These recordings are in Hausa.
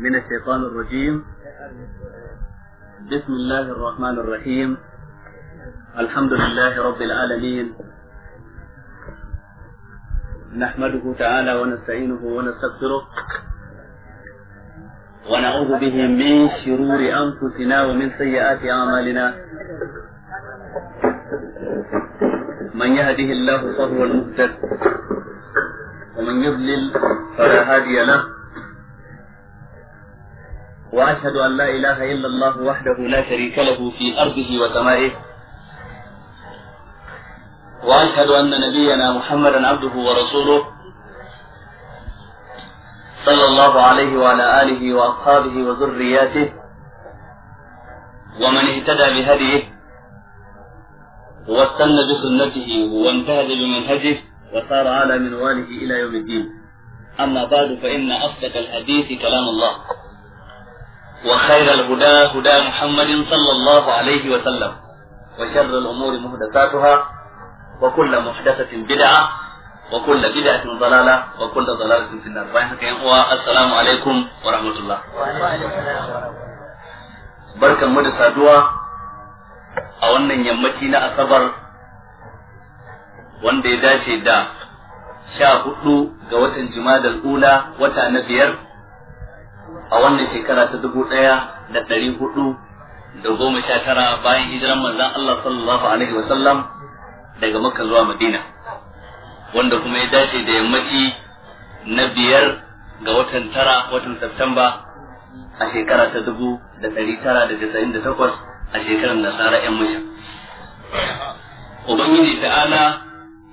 من الشيطان الرجيم بسم الله الرحمن الرحيم الحمد لله رب العالمين نحمده تعالى ونستعينه ونستغفره ونعوذ به من شرور أنفسنا ومن سيئات أعمالنا من يهده الله فهو المهتد ومن يضلل فلا هادي له وأشهد أن لا إله إلا الله وحده لا شريك له في أرضه وسمائه وأشهد أن نبينا محمدا عبده ورسوله صلى الله عليه وعلى آله وأصحابه وذرياته ومن اهتدى بهديه واستنى بسنته وانتهج بمنهجه وصار على منواله إلى يوم الدين أما بعد فإن أصدق الحديث كلام الله وخير الهدى هدى محمد صلى الله عليه وسلم وشر الأمور محدثاتها وكل محدثة بدعة وكل بدعة ضلالة وكل ضلالة في النار السلام عليكم ورحمة الله بركة مدى سادوة a wannan yammaci na asabar wanda ya dace da sha hudu ga watan jimadar ula wata na biyar a wannan shekara ta dubu ɗaya da ɗari hudu da goma sha tara bayan hijiran manzan Allah sallallahu alaihi wa sallam daga Makka zuwa Madina wanda kuma ya dace da yammaci na biyar ga watan tara watan Septamba a shekara ta dubu da ɗari tara da casa'in da takwas a shekarar nasara yan mashi. Ubangiji ta'ala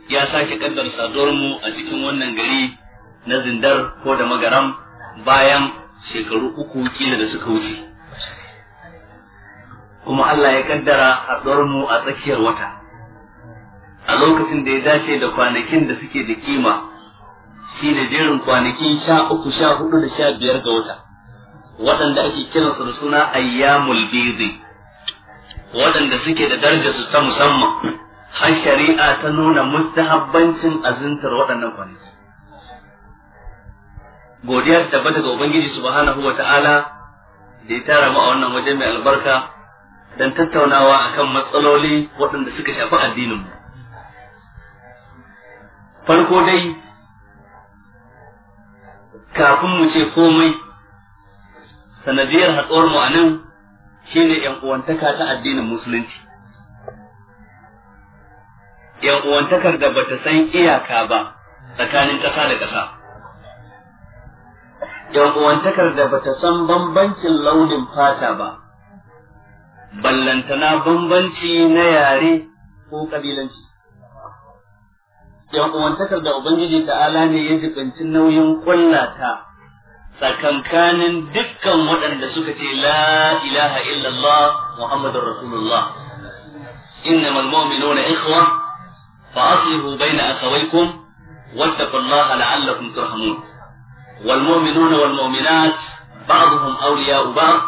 ya sake kaddar saduwar mu a cikin wannan gari na zindar ko da magaram bayan shekaru uku kila da suka wuce kuma Allah ya kaddara a mu a tsakiyar wata a lokacin da ya dace da kwanakin da suke da kima shi da jerin kwanakin sha uku sha hudu da sha biyar ga wata waɗanda ake kiransu da suna ayyamul bizi waɗanda suke da darajar su ta musamman har shari'a ta nuna mustahabbancin azintar waɗannan kwanaki godiya ta tabbata ga ubangiji subhanahu ta'ala da ya tara mu a wannan waje mai albarka dan tattaunawa a kan matsaloli waɗanda suka shafi addinin mu farko dai kafin mu ce komai sanadiyar hatsuwar mu a nan shine yan uwantaka ta addinin musulunci yan uwantakar da bata san iyaka ba tsakanin ƙasa da ƙasa yan uwantakar da bata san bambancin launin fata ba ballantana bambanci na yare ko ƙabilanci. yan uwantakar da ubangiji ta'ala ne ya jibanci nauyin kullata tsakankanin dukkan waɗanda suka ce la ilaha illallah muhammadur rasulullah innamal mu'minuna ikhwa fa aslihu baina akhawaykum wattaqullaha la'allakum turhamun والمؤمنون والمؤمنات بعضهم أولياء بعض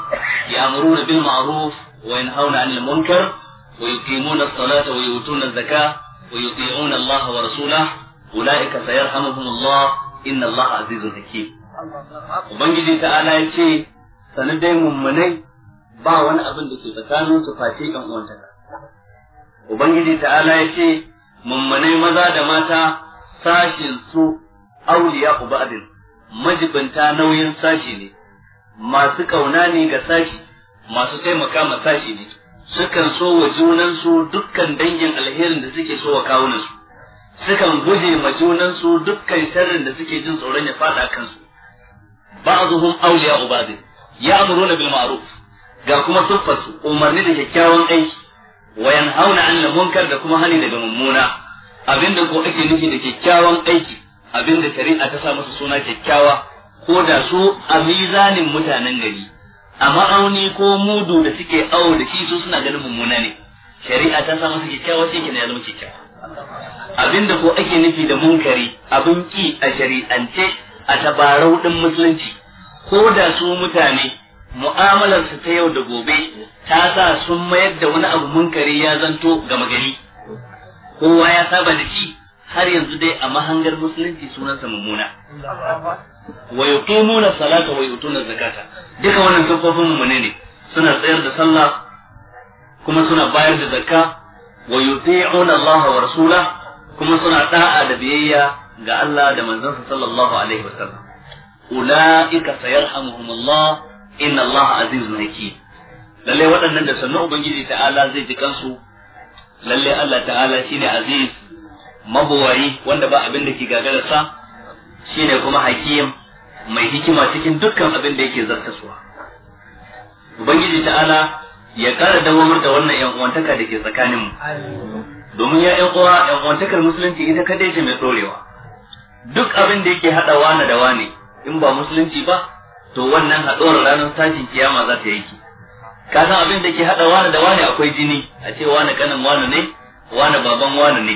يأمرون بالمعروف وينهون عن المنكر ويقيمون الصلاة ويؤتون الزكاة ويطيعون الله ورسوله أولئك سيرحمهم الله إن الله عزيز حكيم ومن ta'ala تعالى ce, Sani dai mummunai أبن wani بتانو da ke tsakanin su تعالى ɗan ممني Ubangiji ta'ala ya ce, أولياء maza majibinta nauyin sashi ne masu kauna ne ga sashi masu taimaka ma sashi ne sukan so wa junansu dukkan dangin alherin da suke so wa kawunansu sukan guje ma junansu dukkan sharrin da suke jin tsoron ya fada kansu ba'dhum awliya ba'd ya'muruna bil ma'ruf ga kuma tuffasu umarni da kyakkyawan aiki wa yanhauna 'anil munkar da kuma hani daga mummuna abinda ko ake nufi da kyakkyawan aiki abin da shari'a ta sa masa suna kyakkyawa ko da su a mizanin mutanen gari a ma'auni ko mudu da suke awo da shi su suna ganin mummuna ne shari'a ta sa masa kyakkyawa sai kina ya zama kyakkyawa abin da ko ake nufi da munkari abin ki a shari'ance a tabarau din musulunci ko da su mutane mu'amalarsu ta yau da gobe ta sa sun mayar da wani abu munkari ya zanto gama gari kowa ya saba da shi har yanzu dai a mahangar musulunci sunansa mummuna wa yuqimuna salata wa yutuna zakata duka wannan sufofin mummune ne suna tsayar da sallah kuma suna bayar da zakka wa yuti'una Allah wa rasula kuma suna da'a da biyayya ga Allah da manzansa sallallahu alaihi wa sallam ulaika sayarhamuhumullah inna Allah azizun hakim lalle waɗannan da sannu ubangiji ta'ala zai ji kansu lalle Allah ta'ala shine aziz mabuwayi wanda ba abin da ke gagararsa ne kuma hakim mai hikima cikin dukkan abin da yake zartaswa ubangiji ta'ala ya kara dawamar da wannan yan uwantaka da ke tsakanin mu domin ya yan uwa yan uwantakar musulunci ita kadai ce mai dorewa duk abin da yake hada wani da wani in ba musulunci ba to wannan haɗuwar ranar tashin kiyama za ta yake ka san abin da ke hada wani da wani akwai jini a ce wani kanin wani ne wani baban wani ne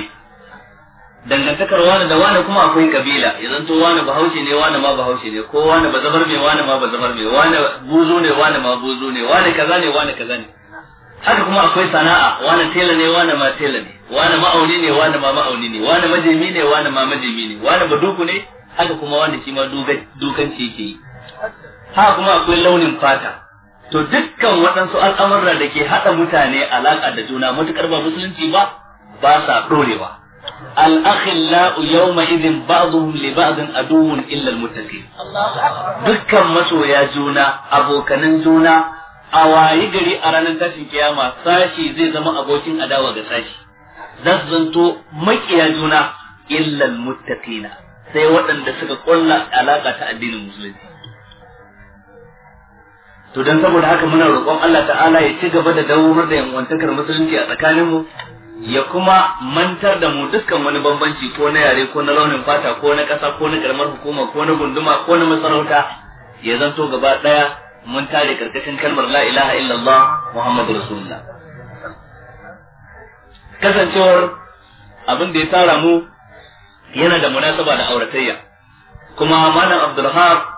dangantakar wani da wani kuma akwai kabila ya zanto wani bahaushe ne wani ma bahaushe ne ko wani ba zabar mai wani ma ba zabar mai wani buzu ne wani ma buzu ne wani kaza ne wani kaza ne haka kuma akwai sana'a wani tela ne wani ma tela ne wani ma'auni ne wani ma ma'auni ne wani majemi ne wani ma majemi ne wani baduku ne haka kuma wani shi ma dukanci ke yi haka kuma akwai launin fata to dukkan waɗansu al'amurra da ke haɗa mutane alaƙa da juna matuƙar ba musulunci ba ba sa ɗorewa al-akhillau yawma idhin ba'dhum li ba'dhin aduwwun illa al-muttaqin dukkan masoya juna abokanan juna a wayi gari a ranar tashin kiyama sashi zai zama abokin adawa ga sashi za su zanto makiya juna illar al-muttaqina sai waɗanda suka ƙulla alaƙa ta addinin musulunci to dan saboda haka muna roƙon Allah ta'ala ya ci gaba da dawo da yanwantakar musulunci a tsakaninmu ya kuma mantar da mu dukkan wani bambanci ko na yare ko na launin fata ko na ƙasa ko na karamar hukuma ko na gunduma ko na masarauta ya zanto gaba ɗaya mun tare karkashin kalmar la ilaha illallah muhammadu rasulullah kasancewar abin da ya tara mu yana da munasaba da auratayya kuma malam abdulhaq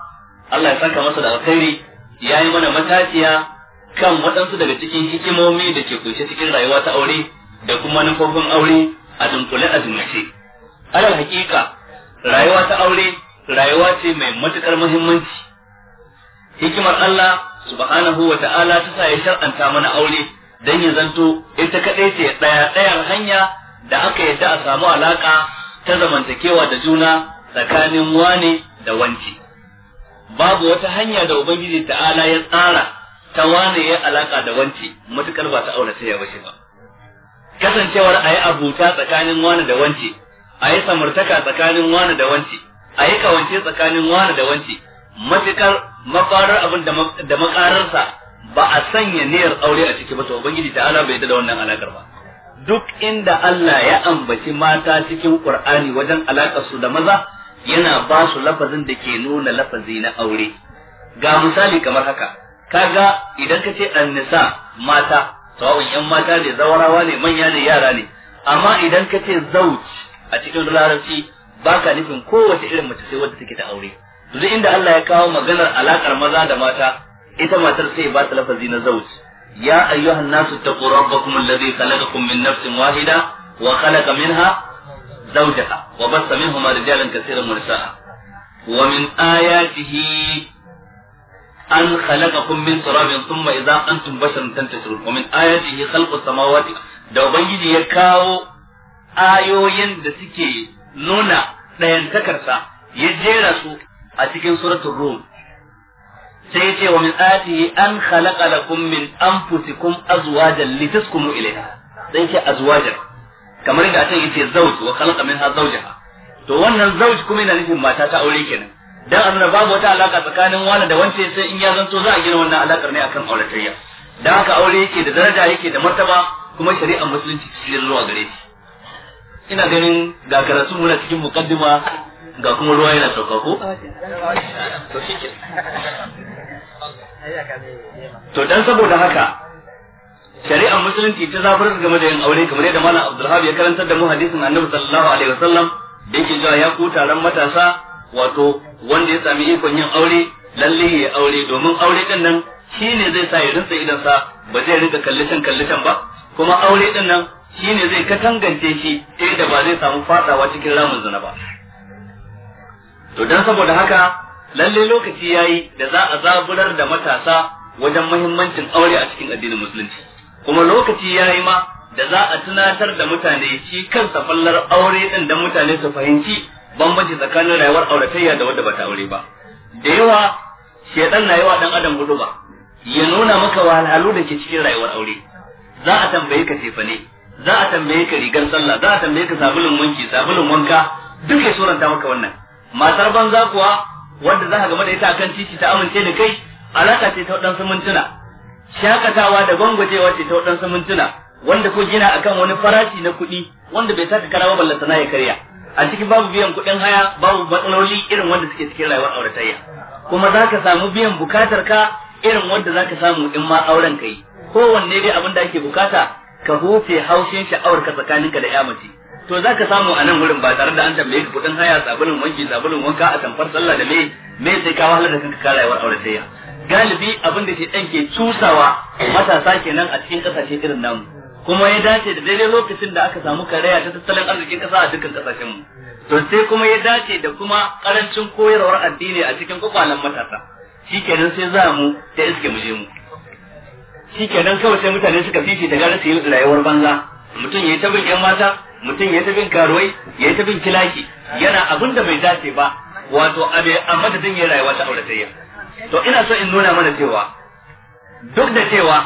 Allah ya saka masa da alkhairi ya yi mana matashiya kan waɗansu daga cikin hikimomi da ke kunshe cikin rayuwa ta aure da kuma nufofin aure a dunkule a jumlace alal hakika rayuwa ta aure rayuwa ce mai matuƙar muhimmanci hikimar Allah subhanahu wa ta'ala ta sa ya shar'anta mana aure don ya zanto ita kaɗai ce ɗaya-ɗayan hanya da aka yadda a samu alaƙa ta zamantakewa da juna tsakanin wane da wanci babu wata hanya da ubangiji ta'ala ya tsara ta wane ya alaƙa da wanci matuƙar ba ta aure sai ya bace ba kasancewar a yi abuta tsakanin wani da wance a yi samartaka tsakanin wani da wance a yi kawance tsakanin wani da wance matukar mafarar abin da makararsa ba a sanya niyyar aure a ciki ba to ubangiji ta'ala bai da wannan alakar ba duk inda Allah ya ambaci mata cikin Qur'ani wajen alakar su da maza yana ba su lafazin da ke nuna lafazi na aure ga misali kamar haka kaga idan ka ce annisa mata sawa'un yan mata ne zawarawa ne manya ne yara ne amma idan kace ce zauj a cikin larabci baka nufin kowace irin mace sai wadda take ta aure duk inda Allah ya kawo maganar alakar maza da mata ita matar sai ba ta lafazi na zauj ya ayyuha nasu taqu rabbakum alladhi khalaqakum min nafsin wahida wa khalaqa minha zawjaha wa bassa minhuma rijalan katsiran wa nisaa wa min ayatihi an khalaqakum min turabin thumma idza antum basharun tantashirun wa min ayatihi khalqus samawati da ubangiji ya kawo ayoyin da suke nuna ɗayantakarsa ya jera su a cikin suratul rum sai ya ce wa min ayatihi an khalaqa lakum min anfusikum azwajan litaskunu ilayha sai ce azwajan kamar da yi ce zawj wa khalaqa minha zawjaha to wannan zawj kuma yana nufin mata ta aure kenan dan annuna babu wata alaka tsakanin wani da wance sai in ya zanto za a gina wannan alakar ne akan auratayya dan haka aure yake da daraja yake da martaba kuma shari'ar musulunci cikin zuwa gare shi ina ganin ga karatu muna cikin mukaddima ga kuma ruwa yana sauka ko to dan saboda haka shari'ar musulunci ta zabar game da yin aure kamar yadda malam abdulhabi ya karantar da mu hadisin Annabi sallallahu alaihi wasallam da yake cewa ya ku taron matasa wato wanda ya sami ikon yin aure lalle ya aure domin aure din nan shine zai sa ya rinsa idan sa ba zai rika kallishin kallishin ba kuma aure din nan ne zai katangance shi ta da ba zai samu fadawa cikin ramin zina ba to dan saboda haka lalle lokaci yayi da za a zaburar da matasa wajen muhimmancin aure a cikin addinin musulunci kuma lokaci yayi ma da za a tunatar da mutane shi kansa fallar aure din da mutane su fahimci bambanci tsakanin rayuwar auratayya da wadda bata aure ba da yawa shedan na yawa dan adam gudu ya nuna maka wahalhalu da ke cikin rayuwar aure za a tambaye ka tefane za a tambaye ka rigar sallah za a tambaye ka sabulun wanki sabulun wanka duk ya suranta maka wannan matar banza kuwa wadda za ka game da ita akan titi ta amince da kai alaka ce ta waɗansu mintuna shakatawa da gwangwajewa ce ta waɗansu mintuna wanda ko gina akan wani farashi na kuɗi wanda bai saka karawa ballantana ya karya a cikin babu biyan kuɗin haya babu matsaloli irin wanda suke cikin rayuwar auratayya kuma za ka samu biyan bukatar ka irin wanda za ka samu in ma auren ka yi kowanne dai abin da ake bukata ka hufe haushin sha'awar ka tsakanin ka da ya mace? to za ka samu a nan wurin ba tare da an tambaye ka kuɗin haya sabulun wanki sabulun wanka a tamfar sallah da me me sai ka wahalar da kanka ka rayuwar auratayya galibi abin da ke ɗan ke cusawa matasa kenan a cikin ƙasashe irin namu kuma ya dace da daidai lokacin da aka samu karaya ta tattalin arzikin kasa a dukkan kasashen mu to sai kuma ya dace da kuma karancin koyarwar addini a cikin kwakwalen matasa shikenan sai za mu da iske mu je mu shikenan kawai sai mutane suka fifi da gara su yi rayuwar banza mutum ya yi ta bin yan mata mutum ya yi ta bin karuwai ya yi ta bin kilaki yana abin da bai dace ba wato a madadin ya rayuwa ta auratayya to ina so in nuna mana cewa duk da cewa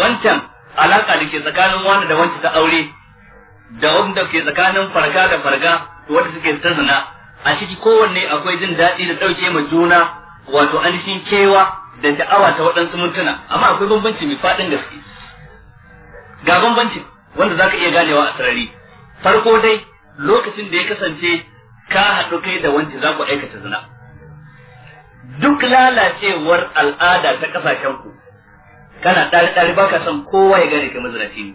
wancan alaka da ke tsakanin wani da wancan ta aure da wanda ke tsakanin farga da farga wanda suke ta a ciki kowanne akwai jin daɗi da ɗauke ma juna wato ainihin kewa da sha'awa ta waɗansu mintuna amma akwai bambanci mai faɗin gaske ga bambanci wanda za ka iya ganewa a sarari farko dai lokacin da ya kasance ka haɗu kai da wancan za ku aikata zina duk lalacewar al'ada ta ƙasashen ku kana ɗari ɗari ba ka san kowa ya gane kai mazinaci ne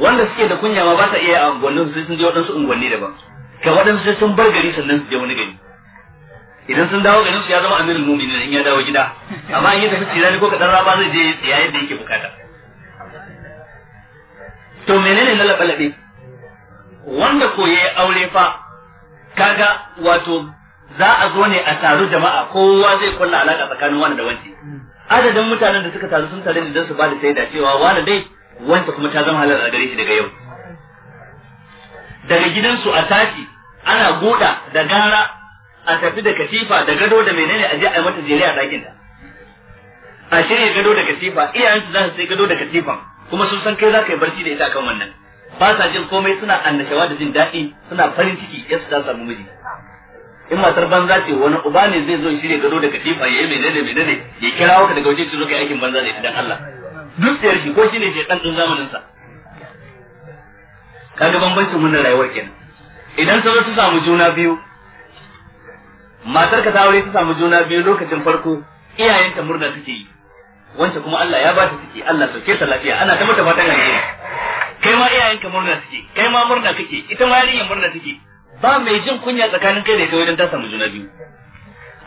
wanda suke da kunya ma ba sa iya unguwannin su sun je waɗansu unguwanni daban ka waɗansu sai sun bar gari sannan su je wani gari idan sun dawo garin su ya zama amirul mu'minin in ya dawo gida amma in ya tafi tirani ko kadan raba zai je ya yadda yake bukata to menene na labalabe wanda ko aure fa kaga wato za a zo ne a taru jama'a kowa zai kulla alaka tsakanin wani da wani adadin mutanen da suka taru sun tare da su ba da da cewa wani dai wanda kuma ta zama halal a gare shi daga yau daga gidansu a tashi ana goda da gara a tafi da katifa da gado da menene a je a yi mata jere a ɗakin a shirya gado da katifa iyayensu za su sai gado da katifa kuma sun san kai za ka yi barci da ita kan wannan ba sa jin komai suna annashawa da jin daɗi suna farin ciki yadda za su samu miji in matar banza ce wani uba ne zai zo shi ne gado da katifa ya yi mai nene-mai menene ya kira waka daga wajen su kai aikin banza da idan Allah duk tsayar shi ko shi ne din zamanin zamaninsa kaga bambancin wannan rayuwar kenan idan sauro su samu juna biyu matar ka ta aure ta samu juna biyu lokacin farko iyayenta murna suke yi wanda kuma Allah ya ba ta ciki Allah sauke ta lafiya ana ta mata fatan alheri kai ma iyayenka murna suke kai ma murna kake ita ma yarinyar murna take ba mai jin kunya tsakanin kai da ita wajen ta samu juna biyu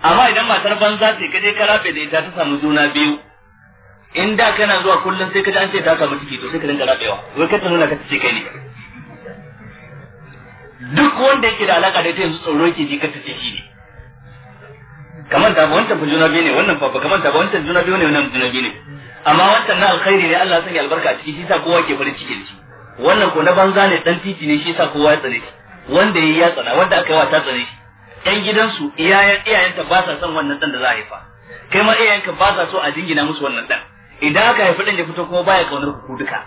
amma idan matar banza ce je ka rafe da ita ta samu juna biyu in da kana zuwa kullum sai ka ji an ce ta samu ciki to sai ka dinga rafewa wai ka nuna ka ce kai ne duk wanda yake da alaka da ita yanzu tsoro yake ji ka ce shi ne kamar ta ba wancan juna biyu ne wannan fa kamar ta ba wancan juna biyu ne wannan juna biyu ne amma wancan na alkhairi ne Allah ya sanya albarka a ciki shi sa kowa ke farin ciki da shi wannan ko na banza ne dan titi ne shi sa kowa ya tsare shi wanda yayi ya tsana wanda aka yi wa ta tsane yan gidansu iyayen iyayenta ba sa son wannan dan da za a haifa kai ma iyayenka ba sa so a jingina musu wannan ɗan idan aka haifi ɗan ya fito kuma baya kaunar ku duka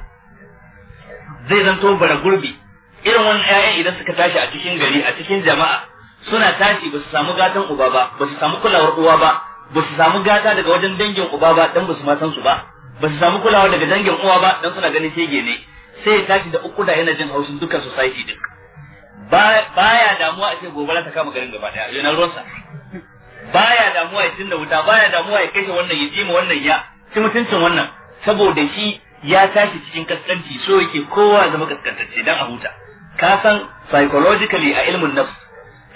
zai zanto bara gurbi irin wannan ƴaƴan idan suka tashi a cikin gari a cikin jama'a suna tashi ba su samu gatan uba ba ba su samu kulawar uwa ba ba su samu gata daga wajen dangin uba ba dan ba su ma san su ba ba su samu kulawa daga dangin uwa ba dan suna ganin shege ne sai ya tashi da uku da yana jin haushin dukkan society din baya damuwa a ce gobara ta kama garin gaba daya yana ruwansa baya damuwa ya cinna wuta baya damuwa ya kashe wannan ya jima wannan ya ci mutuncin wannan saboda shi ya tashi cikin kaskanci so yake kowa zama kaskantacce dan a huta ka san psychologically a ilmin nafs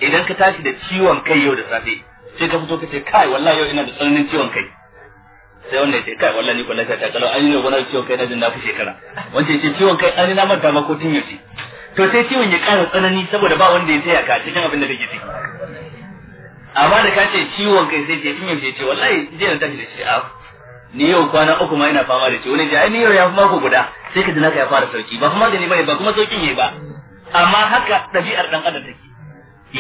idan ka tashi da ciwon kai yau da safe sai ka fito ka ce kai wallahi yau ina da tsananin ciwon kai sai wannan ya ce kai wallahi ni kullum ta kalau an yi wani ciwon kai na jin na fi shekara wancan ce ciwon kai an na manta ma ko tun yaushe to sai ciwon ya ƙara tsanani saboda ba wanda ya tsaya ka cikin abin da kake ciki amma da ka ce ciwon kai sai ce tun yi. ce wallahi je na tafi da shi a ah, ni yau kwana uku ma ina fama da ciwo ne ai ni yau ya fi mako guda sai ka ji ya fara sauki ba kuma gani bane ba kuma saukin yayi ba amma haka ɗabi'ar ɗan adam take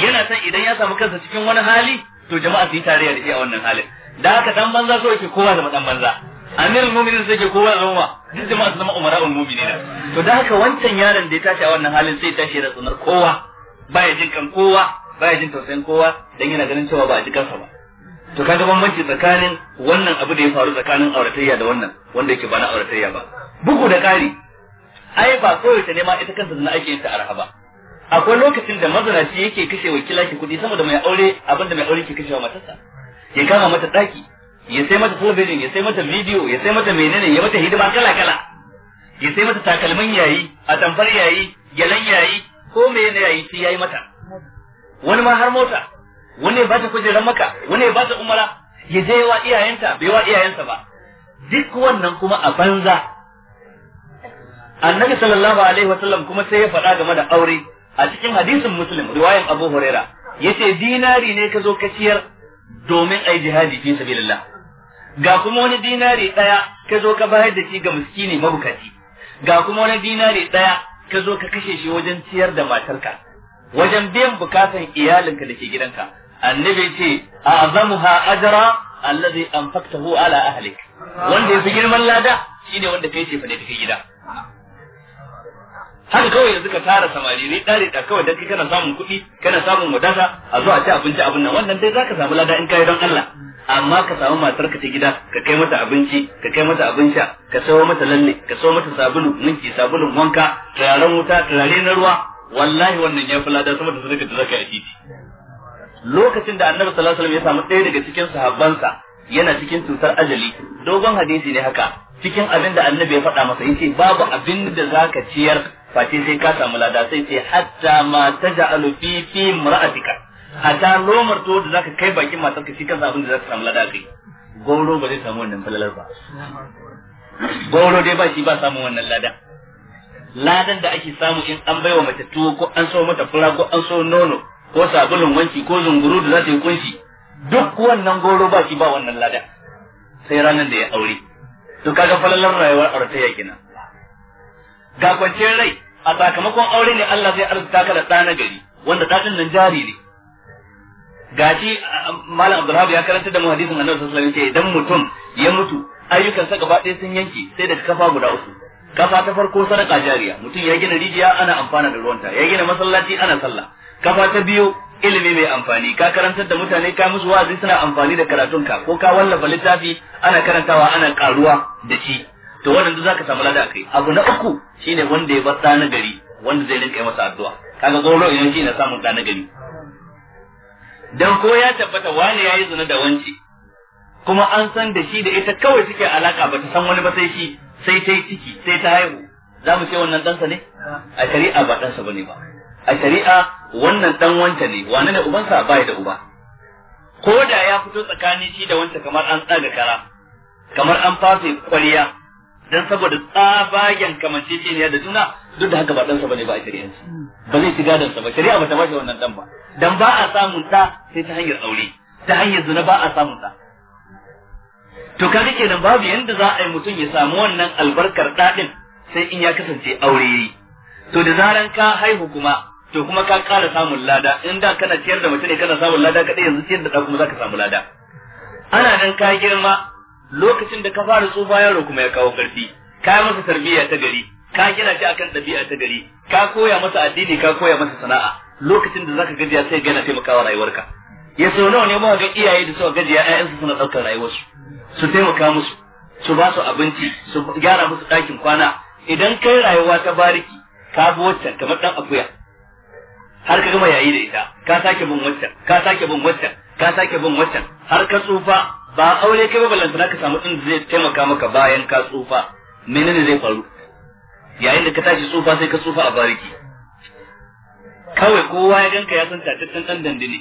yana son idan ya samu kansa cikin wani hali to jama'a su yi tarayya da shi a wannan halin da haka dan banza so yake kowa zama dan banza amir mu'minin sai ke kowa ya zama duk jama'a su zama umara'ul mu'minin to da haka wancan yaron da ya tashi a wannan halin sai tashi da tsunar kowa baya jin kan kowa baya jin tausayin kowa dan yana ganin cewa ba a ji kansa ba to kaga bambanci tsakanin wannan abu da ya faru tsakanin auratayya da wannan wanda yake ba na auratayya ba bugu da ƙari ai ba koyaushe ne ma ita kanta zina ake yin ta arha ba akwai lokacin da mazanaci yake kashe wa ki kuɗi sama da mai aure abin mai aure ke kashewa matarsa ya kama mata ɗaki ya sai mata talabijin ya sai mata bidiyo ya sai mata menene ya mata hidima kala kala ya sai mata takalmin yayi a tamfar yayi gyalan yayi ko menene yayi sai yayi mata wani ma har mota wani ya ta kujerar maka wani ya ta umara ya je wa iyayenta bai wa iyayensa ba duk wannan kuma a banza annabi sallallahu alaihi wasallam kuma sai ya faɗa game da aure a cikin hadisin muslim riwayan abu huraira yace dinari ne ka zo ka ciyar domin ai jihadi fi sabilillah ga kuma wani dinari ɗaya ka zo ka bayar da shi ga miskini mabukaci ga kuma wani dinari ɗaya ka zo ka kashe shi wajen ciyar da matarka wajen biyan bukatan iyalinka da ke gidanka annabi ce a'zamuha ajra allazi anfaqtahu ala ahlik wanda ya fi girman lada shi ne wanda kai ce fa ne gida har kawai yanzu ka tara samari ne dare da kawai da kana samun kuɗi kana samun wadata a zo a ci abinci abin nan wannan dai zaka samu lada in kai don Allah amma ka samu matar ka ta gida ka kai mata abinci ka kai mata abin sha ka sayo mata lalle ka sayo mata sabulu ninki sabulun wanka turaren wuta turare na ruwa wallahi wannan ya fi lada sama da sadaka zaka yi titi lokacin da annabi sallallahu alaihi wasallam ya samu ɗaya daga cikin sahabbansa yana cikin cutar ajali dogon hadisi ne haka cikin abin da annabi ya faɗa masa yace babu abin da zaka ciyar fati sai ka samu lada sai ce hatta ma taj'alu fi fi mura'atika hatta lomar to da zaka kai bakin matar ka shi kansa abin da zaka samu lada kai Goro ba zai samu wannan falalar ba Goro dai ba shi ba samu wannan lada ladan da ake samu in an baiwa mace tuwo ko an so mata fura ko an so nono ko sabulun wanki ko zunguru da za ta yi kunshi duk wannan goro ba shi ba wannan lada sai ranar da ya aure to kaga falalar rayuwar auratayya kenan ga kwanciyar rai a sakamakon aure ne Allah zai arzuta ka da ɗana gari wanda ɗaɗin nan jari ne gashi malam abdulhab ya karanta da mu hadisin annabi sallallahu alaihi wasallam idan mutum ya mutu ayyukansa gaba ɗaya sun yanke sai da kafa guda uku kafa ta farko sadaka jariya mutum ya gina rijiya ana amfana da ruwanta ya gina masallaci ana sallah kafa ta biyu ilimi mai amfani ka karantar da mutane ka musu wa'azi suna amfani da karatunka ko ka wallafa littafi ana karantawa ana karuwa da shi to wannan duk zaka samu lada kai abu na uku shine wanda ya bar da na gari wanda zai rinka yi masa addu'a kaga goro idan shi na samun da na gari dan ko ya tabbata wani yayi zina da wanci kuma an san da shi da ita kawai suke alaka ba ta san wani ba sai shi sai ta yi ciki sai ta haihu za mu ce wannan ɗansa ne a shari'a ba ɗansa bane ba a shari'a wannan ɗan wanta ne wane ne ubansa ba da uba ko da ya fito tsakanin shi da wanta kamar an tsaga kara kamar an fasa kwariya dan saboda tsabagen ne da juna duk da haka ba ɗansa bane ba a shari'anci ba zai shiga dansa ba shari'a ba ta bashi wannan dan ba dan ba a samun ta sai ta hanyar aure ta hanyar zuna ba a samun ta to kaga kenan babu yanda za a yi mutum ya samu wannan albarkar daɗin sai in ya kasance aure yayi to da zaran ka haihu kuma to kuma ka ƙara samun lada in da kana ciyar da mutum ne kana samun lada kaɗai yanzu ciyar da ɗa kuma za ka samu lada ana nan ka girma lokacin da ka fara tsufa yaro kuma ya kawo karfi ka masa tarbiyya ta gari ka gina shi akan ɗabi'a ta gari ka koya masa addini ka koya masa sana'a lokacin da zaka gajiya sai gana taimakawa rayuwarka ya so nawa ne ga iyaye da suka gajiya ƴaƴansu suna ɗaukar rayuwarsu su taimaka musu su ba su abinci su gyara musu ɗakin kwana idan kai rayuwa ta bariki ka bi waccan kamar ɗan akuya har ka gama yayi da ita ka sake bin waccan ka sake bin waccan ka sake bin waccan har ka tsufa ba aure kai ba balantana ka samu din zai taimaka maka bayan ka tsufa menene zai faru yayin da ka tashi tsufa sai ka tsufa a bariki kawai kowa ya ganka ya san tatattun dan dandine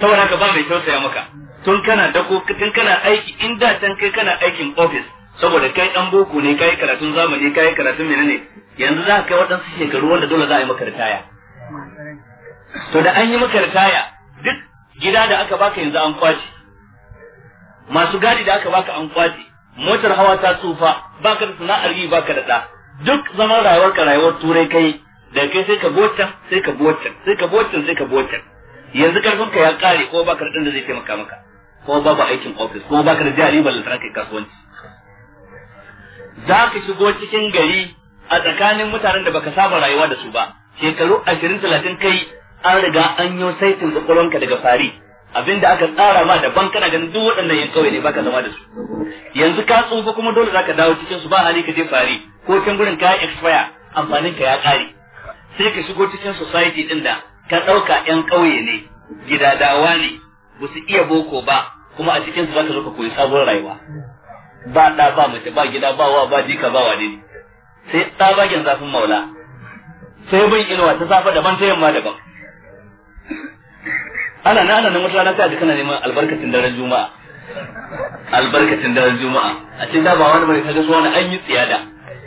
saboda haka ba mai tausaya maka tun kana dako tun kana aiki in da can kai kana aikin office saboda kai dan boko ne kai karatun zamani kai karatun menene yanzu za ka kai waɗansu shekaru wanda dole za a yi maka ritaya to da an yi maka ritaya duk gida da aka baka yanzu an kwace masu gadi da aka baka an kwace motar hawa ta tsufa baka da sana'ar yi baka da da duk zaman rayuwar ka rayuwar turai kai da kai sai ka bocan sai ka bocan sai ka bocan sai ka bocan yanzu karfin ka ya kare ko baka da da zai taimaka maka ko babu aikin office ko baka da jari balle tana kai kasuwanci za ka shigo cikin gari a tsakanin mutanen da baka saba rayuwa da su ba shekaru ashirin talatin kai an riga an yi saitin kwakwalwanka daga fari Abin da aka tsara ma daban kana ganin duk waɗannan yan kauye ne baka zama da su yanzu ka tsufa kuma dole zaka dawo cikin su ba hali ka je Fari ko can gurin ka expire amfanin ka ya kare sai ka shigo cikin society din da ka ɗauka yan kauye ne gidadawa ne ba su iya boko ba kuma a cikin su zaka zo ka koyi sabon rayuwa ba da ba mace ba gida ba wa ba jika ba wane sai tsabagen zafin maula sai bin inuwa ta safa daban ta yamma daban ana na ana nan wata rana sai kana neman albarkacin daren juma'a albarkacin daren juma'a a ce da ba wani bane kaga suwa an yi tsiyada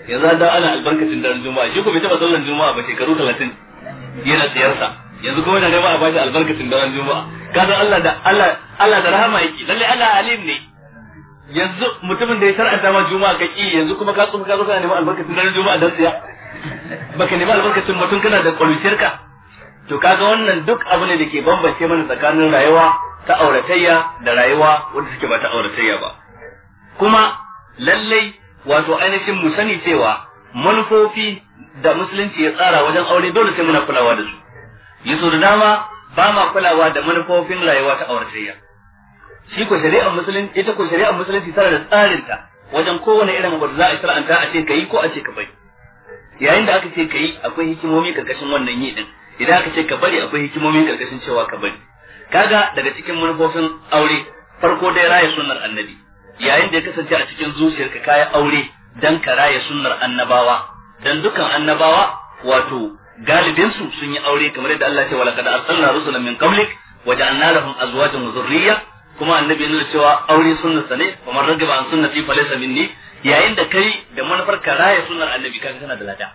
yanzu da ana albarkacin daren juma'a shi ko bai taba sallan juma'a ba shekaru 30 yana tsiyarsa yanzu kuma yana neman a bashi albarkacin daren juma'a kaza Allah da Allah Allah da rahama yake lalle Allah alim ne yanzu mutumin da ya shar'anta ma juma'a ka ki yanzu kuma ka tsufa ka zo kana neman albarkacin daren juma'a dan tsiya baka neman albarkacin mutum kana da kwaluciyar ka to kaga wannan duk abu ne da ke bambance mana tsakanin rayuwa ta auratayya da rayuwa wanda suke ba ta auratayya ba kuma lallai wato ainihin mu sani cewa manufofi da musulunci ya tsara wajen aure dole sai muna kulawa da su yaso da dama ba ma kulawa da manufofin rayuwa ta auratayya shi ko shari'ar musulunci ita ko shari'ar musulunci tana da tsarin ta wajen kowane irin abu da za a shar'anta a ce kai ko a ce ka bai yayin da aka ce kai akwai hikimomi karkashin wannan yi din idan aka ce ka bari akwai hikimomin karkashin cewa ka bari kaga daga cikin manufofin aure farko dai raya sunnar annabi yayin da ya kasance a cikin zuciyar ka kayi aure dan ka raya sunnar annabawa dan dukan annabawa wato galibin su sun yi aure kamar yadda Allah ya ce wa laqad arsalna rusulan min qablik wa ja'alna lahum azwajan wa dhurriyya kuma annabi nuna cewa aure sunnarsa ne kamar ragaba an sunnati fa laysa minni yayin da kai da manufar ka raya sunnar annabi kaga kana da lada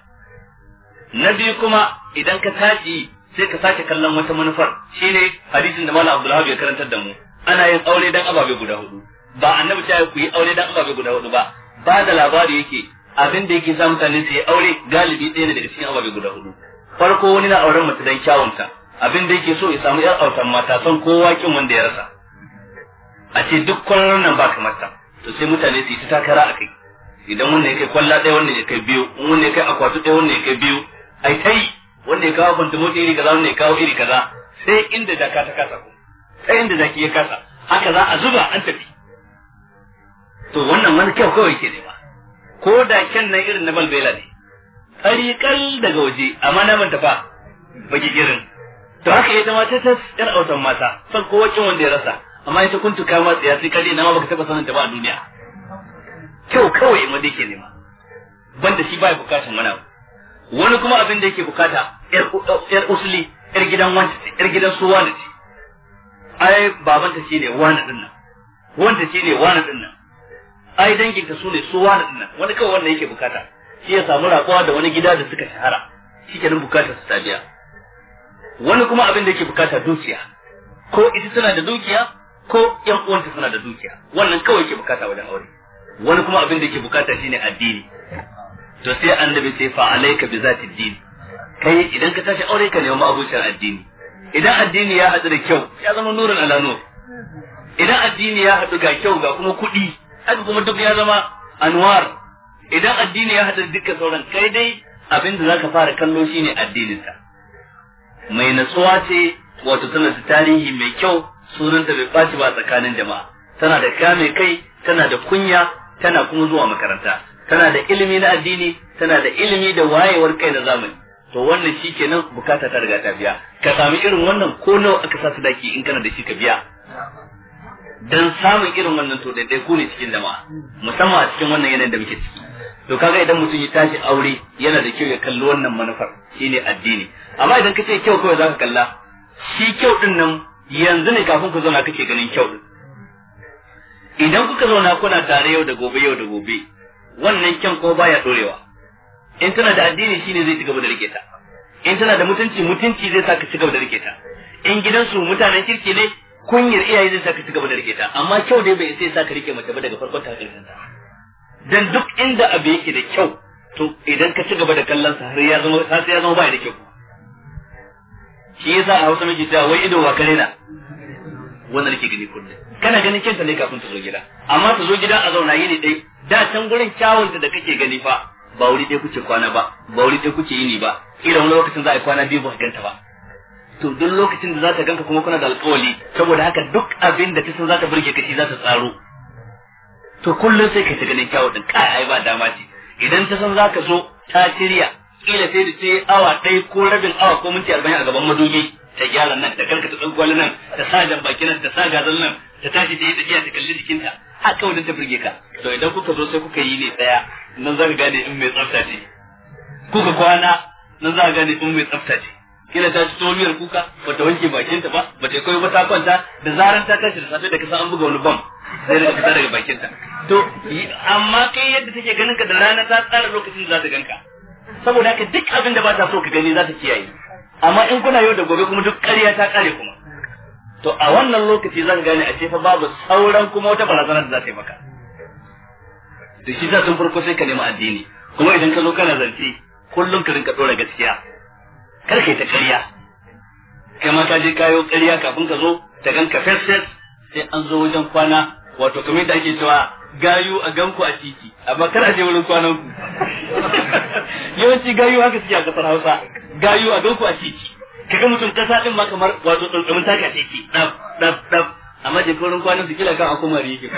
na biyu kuma idan ka tashi sai ka sake kallon wata manufar Shi ne hadisin da malam abdullahi ya karantar da mu ana yin aure dan ababe guda hudu ba annabi ta ku yi aure dan ababe guda hudu ba ba da labari yake abin da yake sa mutane su yi aure galibi ɗaya ne daga cikin ababe guda hudu farko wani na auren mace dan kyawunta abin da yake so ya samu yar autan mata son kowa kin wanda ya rasa a ce duk kwallon nan ba kamar ta to sai mutane su yi ta takara a kai idan wannan ya kai kwalla ɗaya wannan ya kai biyu wannan ya kai akwatu ɗaya wannan ya kai biyu ai kai wanda ya kawo fantamoti iri kaza wanda ya kawo iri kaza sai inda jaka ta kasa ko sai inda zaki ya kasa haka za a zuba an tafi to wannan wani kyau kawai ke nema ko da kyan nan irin na balbela ne tsarikal daga waje amma na manta fa baki irin to haka ita ma ta tas yar autan mata san kowa kin wanda ya rasa amma ita kun tuka ma tsaya sai kare na ma baka taba sanin ta ba a duniya kyau kawai mu ke nema banda shi ba bukatun wani abu wani kuma abin da yake bukata yar usuli yar gidan wanda yar gidan su wanda ce ai babanta shi ne wanda dinnan wanda shi ne wanda dinnan ai danginta su ne su wanda dinnan wani kawai wanda yake bukata shi ya samu rakuwa da wani gida da suka shahara shi kenan bukatar su tabiya wani kuma abin da yake bukata dukiya ko ita tana da dukiya ko yan uwanta suna da dukiya wannan kawai yake bukata wajen aure wani kuma abin da yake bukata shine addini to sai annabi sai fa alayka bi zati din kai idan ka tashi aure ka nemi abucin addini idan addini ya haɗu da kyau ya zama nurin ala idan addini ya hadu ga kyau ga kuma kuɗi haka kuma duk ya zama anwar idan addini ya haɗu da dukkan sauran kai dai abin da zaka fara kallo shine addinin ka mai natsuwa ce wato tana da tarihi mai kyau sunanta bai ɓaci ba tsakanin jama'a tana da kame kai tana da kunya tana kuma zuwa makaranta tana da ilimi na addini tana da ilimi da wayewar kai na zamani to wannan shi kenan bukata ta riga ta biya ka sami irin wannan ko nawa aka sa sadaki in kana da shi ka biya dan samun irin wannan to daidai ku ne cikin jama'a musamman a cikin wannan yanayin da muke ciki to kaga idan mutum ya tashi aure yana da kyau ya kalli wannan manufar shine addini amma idan ka ce kyau kawai zaka kalla shi kyau din nan yanzu ne kafin ku zauna kake ganin kyau idan kuka zauna kuna tare yau da gobe yau da gobe wannan kyan ko baya dorewa in tana da addini shine zai ci gaba da rike ta in tana da mutunci mutunci zai sa ka ci gaba da rike ta in gidansu mutanen kirki ne kunyar iyaye zai sa ka ci gaba da rike ta amma kyau dai bai sai sa ka rike mace ba daga farkon ta karshen ta dan duk inda abu yake da kyau to idan ka ci gaba da kallon sa har ya zama ya zama baya da kyau shi yasa a Hausa muke cewa wai ido wa kare na wanda nake gani kullum kana ganin kenta ne kafin ta zo gida amma ta zo gida a zauna yini dai da can gurin kyawun da kake gani fa ba wuri dai kuke kwana ba ba wuri dai kuke yini ba irin wani lokacin za a yi kwana biyu ba ganta ba to duk lokacin da za ta ganka kuma kuna da alƙawari saboda haka duk abin da ta san za ta burge ka shi za ta tsaro to kullum sai ka ta ganin kyawun din kai ai ba dama ce idan ta san za ka zo ta shirya kila sai da ce awa ɗaya ko rabin awa ko minti arba'in a gaban madogi. ta gyara nan ta karkata tsangwal nan ta sa jan baki nan ta sa gazal nan ta tashi ta yi tafiya ta kalli jikinta a kawai da ta burge ka to idan kuka zo sai kuka yi ne tsaya nan za ka gane in mai tsafta ce kuka kwana nan za ka gane in mai tsafta ce kila ta ci tuwon kuka ba ta wanke bakinta ba ba ta koyi ba ta kwanta da zaran ta tashi da safe da kasa an buga wani bam sai da fita daga bakinta to amma kai yadda take ganin ka da rana ta tsara lokacin da za ta ganka saboda haka duk abin da ba ta so ka gani za ta kiyaye amma in kuna yau da gobe kuma duk ƙarya ta ƙare kuma to a wannan lokaci zan gane a ce fa babu sauran kuma wata barazana da za ta yi maka da shi za tun farko sai ka nemi addini kuma idan ka zo kana zance kullum ka rinka dora gaskiya kar kai ta ƙarya kai ma ka je kayo ƙarya kafin ka zo ta ganka fes sai an zo wajen kwana wato kamar da ake cewa gayu a ganku a titi amma kar a je wurin kwanan ku yawanci gayu haka suke a kasar Hausa gayu a ganku a titi kaga mutum kasa din ma kamar wato tsuntsumin taka titi dab dab dab amma je wurin kwanan su kila kan kuma yake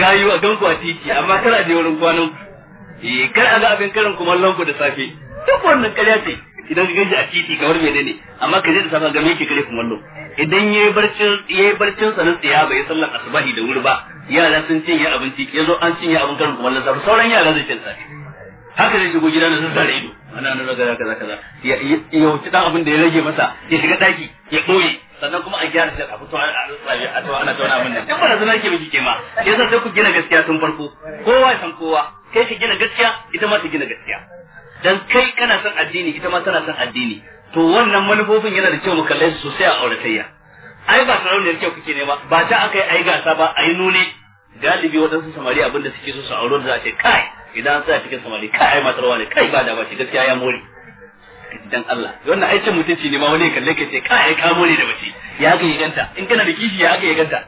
gayu a ganku a titi amma kar a je wurin kwanan ku eh kar a ga abin karin kumallon ku da safe duk wannan ƙarya ce idan ka gaji a titi kamar menene amma ka je da safe ga me yake kare kumallon. idan yayi barcin yayi barcin sa nan tsiya bai sallar asubahi da wuri ba yara sun cinye abinci yazo an cinye abin karin kuma safe sauran yara zai cin safe haka zai shigo gida na sun tare ido ana nan kaza kaza kaza ya wuce dan abin da ya rage masa ya shiga daki ya boye sannan kuma a gyara shi a fito a to ana tona abin da duk ba zan ke miki kema yasa sai ku gina gaskiya tun farko kowa ya san kowa kai ki gina gaskiya ita ma ta gina gaskiya dan kai kana son addini ita ma tana son addini to wannan manufofin yana da kyau mu kalle su sosai a auratayya ai ba sarauniyar kyau kake ne ba ba ta aka yi ai gasa ba ai nune galibi waɗansu samari abin da suke so su auro da za a ce kai idan an cikin samari kai ai matar ne kai ba da ba ce gaskiya ya mori. dan Allah wannan ai cin mutunci ne ma wani kalle ka ce kai ai ka mori da mace ya ga ya ganta in kana da kishi ya ga ya ganta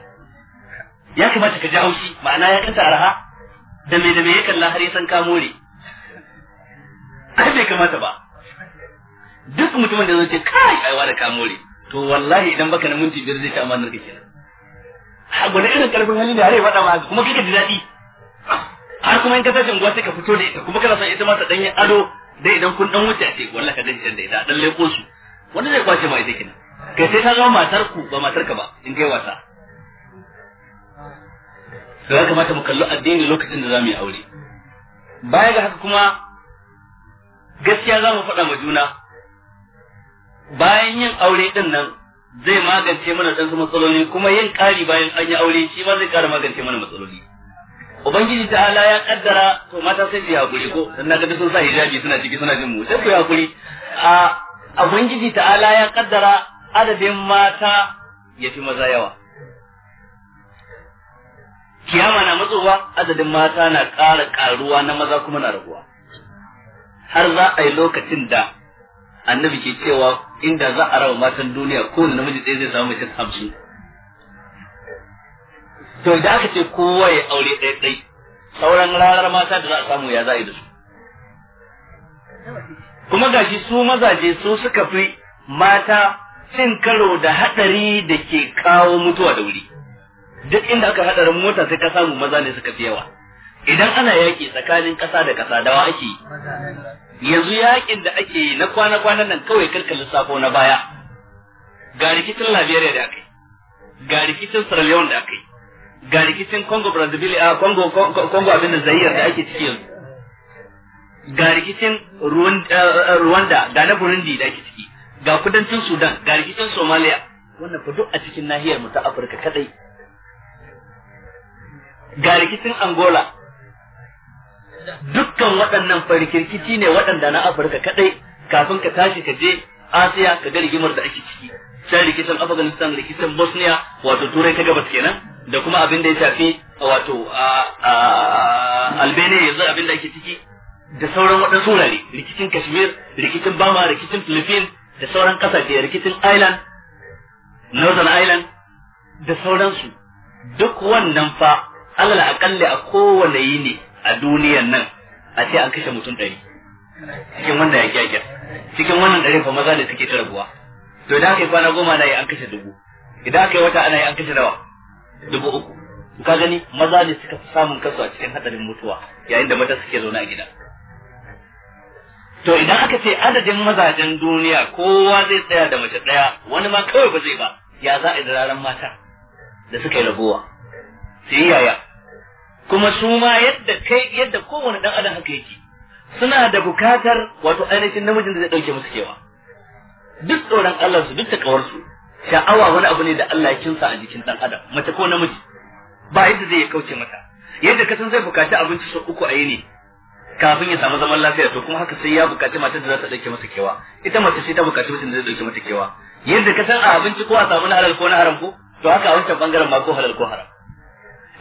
ya kamata ka ji haushi ma'ana ya ganta araha da me da me ya kalla har ya san ka mori ai bai kamata ba duk mutumin da zai ce kai wa da kamore to wallahi idan baka na minti biyar zai ta amanar ka kenan ha gwada irin karfin hali da har ya faɗa ma kuma kika ji daɗi har kuma in ka tashi unguwa sai ka fito da ita kuma kana son ita ma ta ɗanyen ado dai idan kun ɗan wuce a ce wallahi ka dace da ita a ɗan leƙo su wanda zai kwace ma ita kenan kai sai ta zama matar ku ba matar ka ba in kai wasa to ya kamata mu kalli addini lokacin da za mu yi aure baya ga haka kuma gaskiya za mu faɗa ma juna bayan yin aure din nan zai magance mana dan matsaloli kuma yin ƙari bayan an yi aure shi ma zai ƙara magance mana matsaloli ubangiji ta ala ya kaddara to mata sai su hakuri ko dan naga sun sa hijabi suna ciki suna jin mu sai ku hakuri a ubangiji ta ala ya kaddara adadin mata ya fi maza yawa kiyama na matsowa adadin mata na ƙara ƙaruwa na maza kuma na raguwa har za a yi lokacin da annabi ke cewa inda za a raba matan duniya kowane namiji ɗaya zai samu mace hamsin to idan aka ce kowa ya aure ɗaya ɗai sauran ranar mata da za a samu ya za a da su kuma gashi su mazaje su suka fi mata cin karo da haɗari da ke kawo mutuwa da wuri duk inda aka hadarin mota sai ka samu maza ne suka fi yawa idan ana yaƙi tsakanin ƙasa da ƙasa dawa ake yi yanzu yakin da ake yi na kwana-kwanan nan kawai karkar lissafo na baya ga rikicin Liberia da yi, ga rikicin Sierra Leone da yi, ga rikicin Congo Brazzaville a Congo Congo abin da Zaire da ake ciki yanzu ga rikicin Rwanda ga na Burundi da ake ciki ga kudancin Sudan ga rikicin Somalia wannan fa duk a cikin nahiyar mu ta Afirka kadai ga rikicin Angola dukkan waɗannan farkirkici ne waɗanda na Afirka kaɗai, kafin ka tashi ka je Asiya ka ga rigimar da ake ciki sai rikicin Afghanistan rikicin Bosnia wato turai ta gabas kenan da kuma abin da ya shafi wato Albania yanzu abin da ake ciki da sauran waɗansu wurare rikicin Kashmir rikicin Bama rikicin Philippines da sauran ƙasashe rikicin Island, Northern Island, da sauransu duk wannan fa alal aƙalli a kowane yini a duniyan nan a ce an kashe mutum ɗari cikin wanda ya kyakya cikin wannan ɗari fa maza ne suke ta rabuwa to idan aka yi kwana goma na yi an kashe dubu idan aka yi wata ana yi an kashe nawa dubu uku ka gani maza ne suka fi samun kasu a cikin hatsarin mutuwa yayin da mata suke zaune a gida to idan aka ce adadin mazajen duniya kowa zai tsaya da mace ɗaya wani ma kawai ba zai ba ya za a da ranar mata da suka yi ragowa sai yaya kuma su ma yadda kai yadda kowane dan adam haka yake suna da bukatar wato ainihin namijin da zai dauke musu kewa duk tsoron Allah su duk takawar su sha'awa wani abu ne da Allah ya kinsa a jikin dan adam mace ko namiji ba yadda zai kauce mata yadda ka san zai bukaci abinci sau uku a yini kafin ya samu zaman lafiya to kuma haka sai ya bukaci matar da za ta dauke masa kewa ita mace sai ta bukaci mutum da zai dauke mata kewa yadda ka san a abinci ko a samu na halal ko na haram ko to haka a wancan bangaren ma ko halal ko haram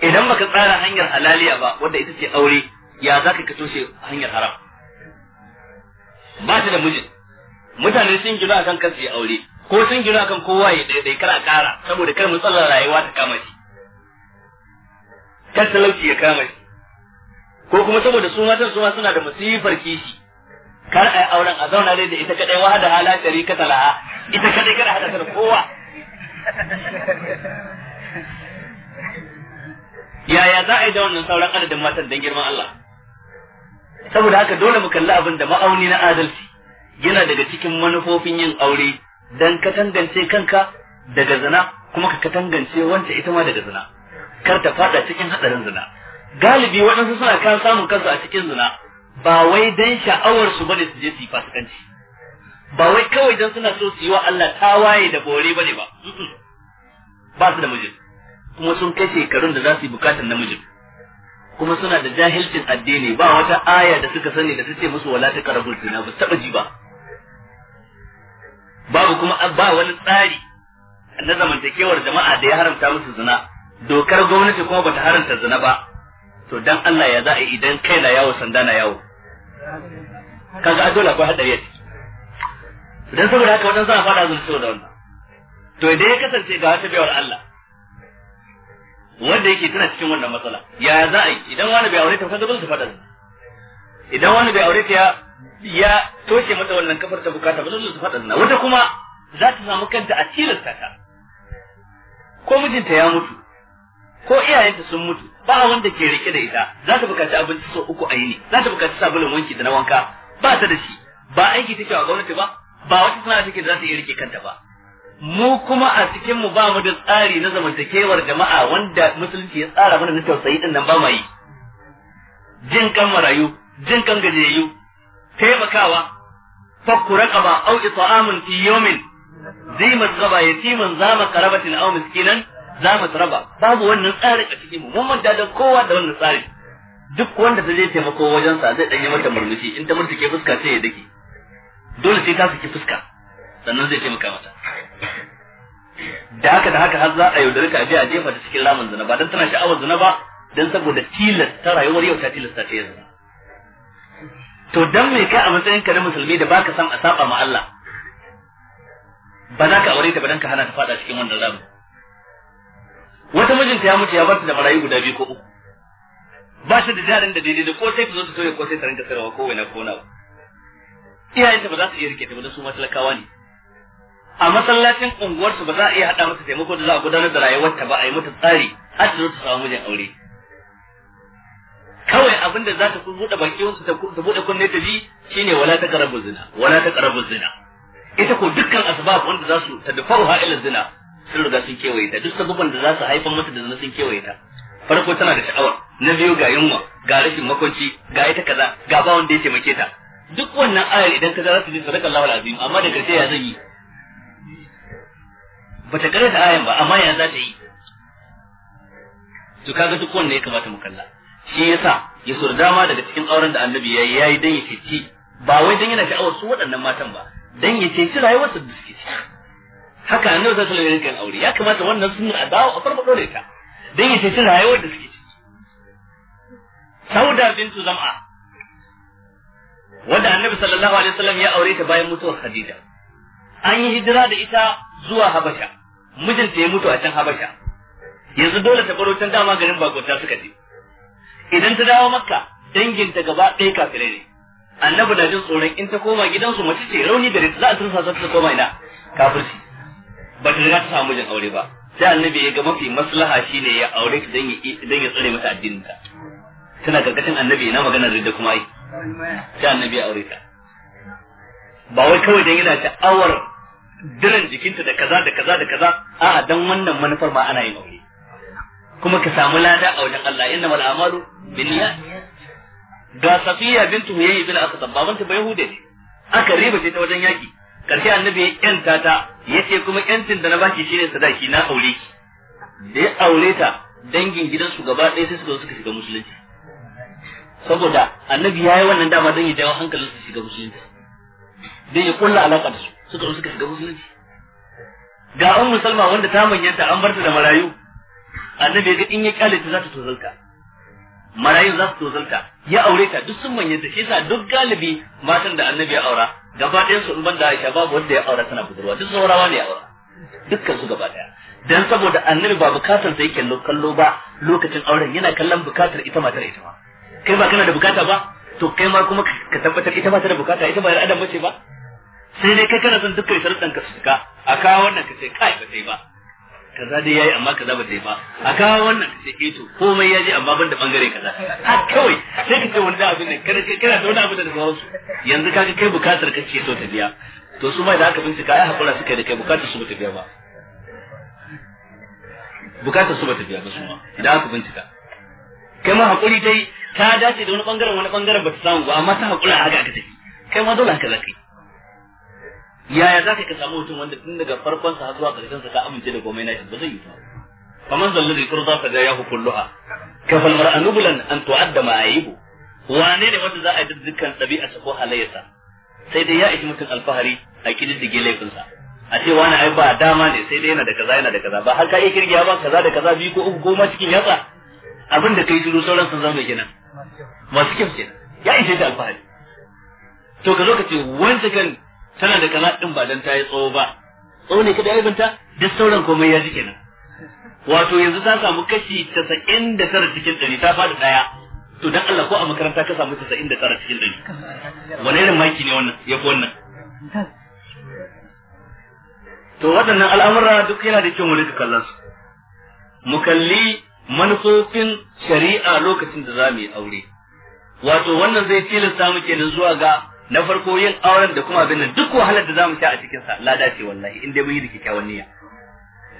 idan baka tsara hanyar halaliya ba wanda ita ce aure ya za ka toshe hanyar haram ba ta da mijin mutane sun gina akan kansu ya aure ko sun gina akan kowa ya daidai, kar a ƙara saboda kar matsalar rayuwa ta kama shi kar talauci ya kama shi ko kuma saboda su matan su ma suna da masifar kishi kar a yi auren a zauna dai da ita kadai wa da hala shari ka talaha ita kadai kar hada ta da kowa yaya za a yi da wannan sauran adadin matan don girman Allah saboda haka dole mu kalli abin da ma'auni na adalci yana daga cikin manufofin yin aure dan ka tangance kanka daga zina kuma ka katangance wanda ita ma daga zina kar ta fada cikin hadarin zina galibi waɗansu suna kan samun kansu a cikin zina ba wai dan sha'awar su bane su je su yi fasikanci ba wai kawai dan suna so su yi wa Allah tawaye da bore bane ba ba su da mijin kuma sun kai shekarun da za su yi bukatar namijin kuma suna da jahilcin addini ba wata aya da suka sani da suke musu wala ta karabul zina ba taba ji ba babu kuma ba wani tsari na zamantakewar jama'a da ya haramta musu zina dokar gwamnati kuma bata haramta zina ba to dan Allah ya za'a idan kai na yawo sanda na yawo kaga a dole akwai hadari yake dan saboda haka wadan za a fada so da wannan to idan ya kasance ga wata bayar Allah wanda yake tana cikin wannan matsala ya za a yi idan wani bai aure ta kaga dole ta fada idan wani bai aure ta ya ya toshe mata wannan kafar ta bukata ba dole faɗa fada na wata kuma za ta samu kanta a tilasta ta ko mijinta ya mutu ko iyayenta sun mutu ba wanda ke rike da ita za ta bukaci abinci so uku a yini za ta bukaci sabulun wanki da na wanka ba ta da shi ba aiki take a gwamnati ba ba wata sana'a take da za ta iya rike kanta ba mu kuma a cikin mu ba mu da tsari na zamantakewar jama'a wanda musulunci ya tsara mana na tausayi din nan ba ma yi jin kan marayu jin kan gajiyayyu taimakawa fakku raqaba aw it'amun fi yawmin zai masgaba yatiman za ma karabatin aw miskinan za mu raba babu wannan tsari a cikin mu mun manta da kowa da wannan tsari duk wanda ta je taimako wajen sa zai danye mata murmushi in ta murtuke fuska sai ya dake dole sai ta saki fuska sannan zai taimaka mata da haka da haka har za a yaudare ta a jefa ta cikin ramin zina ba don tana sha'awar zina ba don saboda tilasta rayuwar yau ta tilasta ta yanzu to dan me kai a matsayin ka na musulmi da baka san a saba ma Allah ba za ka aure ta ba dan ka hana ta fada cikin wannan ramin wata mijinta ya mutu ya bar ta da marayu guda biyu ko uku ba shi da jarin da daidai da ko sai ta zo ta sauya ko sai ta rinka sarawa ko wani ko nawa iyayenta ba za su iya rike ta ba don su ma talakawa ne a masallacin unguwarsu ba za a iya haɗa mata taimako da za a gudanar da rayuwarta ba a yi mata tsari har ta zo ta samu mijin aure kawai abin da za ta buɗe baki wasu ta buɗe kunne ta ji shine wala ta karabu zina wala ta karabu zina ita ko dukkan asbab wanda za su tadfaruha ila zina sun riga sun kewaye ta duk sababan da za su haifar mata da zina sun kewaye ta farko tana da sha'awar na biyu ga yunwa ga rashin makwanci ga ita kaza ga ba wanda ya taimake ta duk wannan ayar idan ka za su ji sadaka Allahu alazim amma da karshe ya zan bata kare da ayan ba amma ya za ta yi to kaga duk wanda ya kamata mu kalla shi yasa ya so dama daga cikin auren da annabi yayi yayi dan ya ceci ba wai dan yana sha'awar su waɗannan matan ba dan ya shi rayuwar su da suke ciki haka annabi zai alaihi wasallam aure ya kamata wannan sunna a dawo a farko dole ta. dan ya shi rayuwar da suke ciki Sauda bintu Zam'a wanda annabi sallallahu alaihi wasallam ya aure ta bayan mutuwar Khadija an yi hijira da ita zuwa Habasha mijinta ya mutu a can habasha yanzu dole ta baro can dama garin bakota suka je idan ta dawo makka danginta gaba ɗaya kafire ne annabi na jin tsoron in ta koma gidansu mace ce rauni da za a sa ta koma ina kafirci ba ta riga ta samu mijin aure ba sai annabi ya ga mafi maslaha shine ya aure ta dan ya tsare mata addinin ta tana karkashin annabi na maganar da kuma ai sai annabi ya aure ta ba wai kawai dan yana ta'awar. diran jikinta da kaza da kaza da kaza a'a dan wannan manufar ma ana yin aure kuma ka samu lada a wajen Allah inna mal amalu binniyat ga safiya bintu huyay bin aqtab babanta ba yahude ne aka riba ce ta wajen yaki karshe annabi ya yanta ta yace kuma yancin da na baki shine sadaki na aure ki da ya aure ta dangin gidan su gaba ɗaya sai suka zo suka shiga musulunci saboda annabi yayi wannan dama don ya jawo hankalin su shiga musulunci dan ya kulla alaka da su suka zo suka shiga musulunci ga an musulma wanda ta manyanta an barta da marayu annabi ga in ya kyale ta za ta tozalta marayu za su tozalta ya aure ta duk sun manyanta shi yasa duk galibi matan da annabi ya aura gaba ɗayan su da banda Aisha babu wanda ya aura tana budurwa duk saurawa ne ya aura dukkan su gaba ɗaya dan saboda annabi ba bukatar sa yake kallo ba lokacin auren yana kallon bukatar ita matar ita ma kai ba kana da bukata ba to kai ma kuma ka tabbatar ita ba ta da bukata ita ba da adam bace ba sai dai kai kana son dukkan sharuɗan ka suka a kawo wannan ka ce kai ba sai ba kaza dai yayi amma kaza ba sai ba a kawo wannan ka ce eh to komai je amma banda bangare kaza A kawai sai ka ce wani abin ne kana kana da wani abin da daga su yanzu kaga kai bukatar ka ce to ta biya to su ma da aka bincika ai hakura suka da kai bukatar su ba ta biya ba bukatar su ba ta biya ba su ma idan aka bincika kai ma hakuri dai ta dace da wani bangaren wani bangaren ba ta samu ba amma ta hakura haka aka tafi kai ma dole haka zaka yi yaya zaka ka samu mutum wanda tun daga farkon sa zuwa karshen sa ka amince da komai nashi ba zai yi faman zalla da kurza ta ga yahu kulluha kafal mar'a nublan an tu'adda ma'ayibu wane ne wanda za a yi dukkan ta ko halayyarsa sai dai ya iji mutum alfahari a kididdige sa a ce wani ai ba dama ne sai dai yana da kaza yana da kaza ba har ka iya kirgiya ba kaza da kaza biyu ko uku goma cikin yatsa abin da kai shiru sauran sun zama kenan masu kyau kenan ya ishe ta alfahari to ka zo ka ce wancan kan tana da kana din ba dan ta yi tsawo ba tsawo ne kada aibinta duk sauran komai ya ji kenan wato yanzu ta samu kashi 99 cikin 100 ta fadi daya to dan Allah ko a makaranta ka samu 99 cikin 100 Wane irin maki ne wannan ya wannan to waɗannan al'amura duk yana da kyau mu rika kallon su mu kalli manufofin shari'a lokacin da za mu yi aure wato wannan zai tilasta mu kenan zuwa ga na farko yin auren da kuma abin nan duk wahalar da zamu sha a cikin sa lada ce wallahi in dai mun yi da kyakkyawan niyya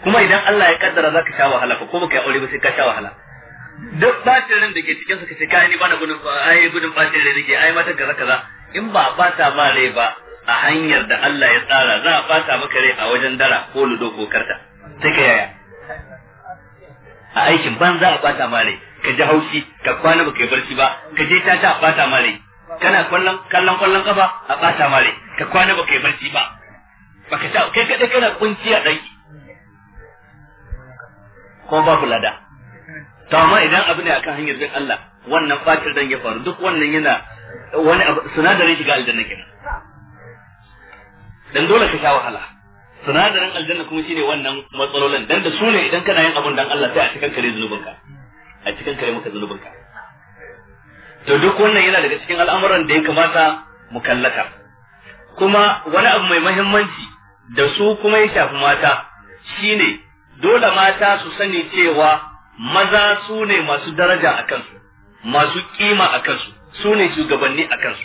kuma idan Allah ya kaddara zaka sha wahala ko kuma kai aure ba sai ka sha wahala duk bacin ran da ke cikin sa kace kai ni bana gudun ai gudun bacin da nake ai mata kaza kaza in ba bata ba rai ba a hanyar da Allah ya tsara za a fata maka rai a wajen dara ko ludo ko karta sai ka yaya a aikin ban za a fata ma rai ka ji haushi ka kwana baka yi barci ba ka je ta ta fata ma rai kana kallon kallon kallon kafa a bata mare ka kwana ba yi barci ba ka sa kai kada kana kunci a dai ko babu lada to amma idan abu ne akan hanyar bin Allah wannan fatir dan ya faru duk wannan yana wani sinadarin shiga aljanna kenan dan dole ka sha wahala sinadarin aljanna kuma shine wannan matsalolin dan da su ne idan kana yin abun dan Allah sai a cikin kare zunubinka a cikin kare maka zunubinka to duk wannan yana daga cikin al'amuran da ya kamata mu kallaka. kuma wani abu mai mahimmanci da su kuma ya shafi mata shine dole mata su sani cewa maza su ne masu daraja a kansu masu kima a kansu su ne shugabanni a kansu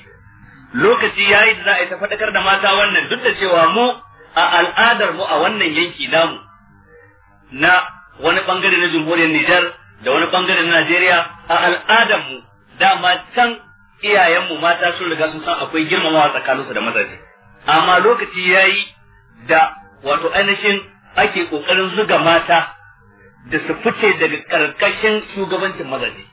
lokaci yayi da za a yi ta faɗakar da mata wannan duk da cewa mu a al'adar mu a wannan yanki namu na wani bangare na jamhuriyar Nijar da wani bangare na Najeriya a al'adar mu dama can iyayenmu mata sun riga sun san akwai girmamawa tsakaninsu da mazaje amma lokaci ya yi da wato ainihin ake ƙoƙarin zuga mata da su fice daga karkashin shugabancin mazaje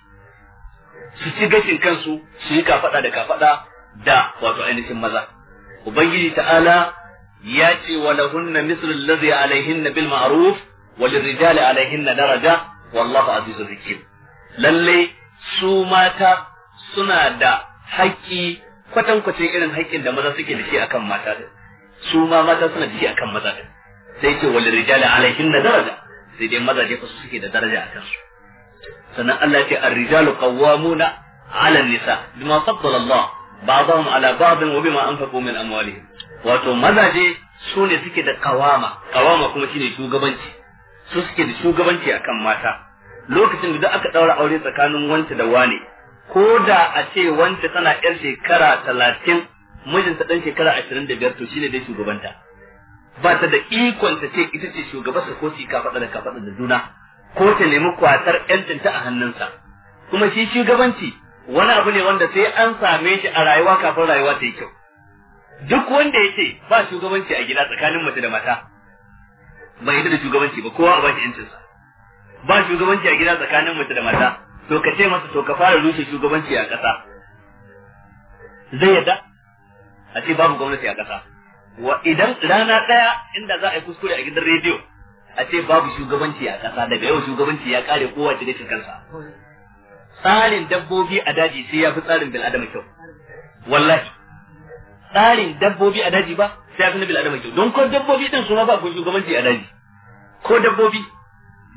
su ci gashin kansu su yi kafaɗa da kafaɗa da wato ainihin maza ubangiji ta'ala ya ce wa lahunna misr allazi alaihinna bil ma'ruf wa lirrijali alaihinna daraja wallahu azizul hakim lalle su mata suna da haƙƙi kwatankwacin irin haƙƙin da maza suke da shi akan mata din su ma mata suna da shi akan maza din sai ce wal rijali alaihin na daraja sai dai mazaje fa suke da daraja akan su sannan Allah ya ce ar-rijalu qawwamuna 'ala alal nisa bima faddala Allah ba'dahum 'ala ba'd wa bima anfaqu min amwalihim wato mazaje su ne suke da kawama kawama kuma shine shugabanci su suke da shugabanci akan mata lokacin da aka daura aure tsakanin wanta da wane ko da a ce wanta tana yar shekara talatin mijinta dan shekara ashirin da biyar to shine dai shugabanta ba ta da ikon ta ce ita ce shugabarsa ko shi ka faɗa da ka faɗa da juna ko ta nemi kwatar yancinta a hannunsa kuma shi shugabanci wani abu ne wanda sai an same shi a rayuwa kafin rayuwa ta yi kyau duk wanda ya ce ba shugabanci a gida tsakanin mace da mata bai yi da shugabanci ba kowa a bashi yancinsa ba shugabanci a gida tsakanin mace da mata to ka ce masa to ka fara rushe shugabanci a ƙasa zai yadda a ce babu gwamnati a ƙasa wa idan rana ɗaya inda za a yi kuskure a gidan rediyo a ce babu shugabanci a ƙasa daga yau shugabanci ya ƙare kowa da da kansa tsarin dabbobi a daji sai ya fi tsarin bil'adama kyau wallahi tsarin dabbobi a daji ba sai ya fi na bil'adama kyau don ko dabbobi din su ma ba ku shugabanci a daji ko dabbobi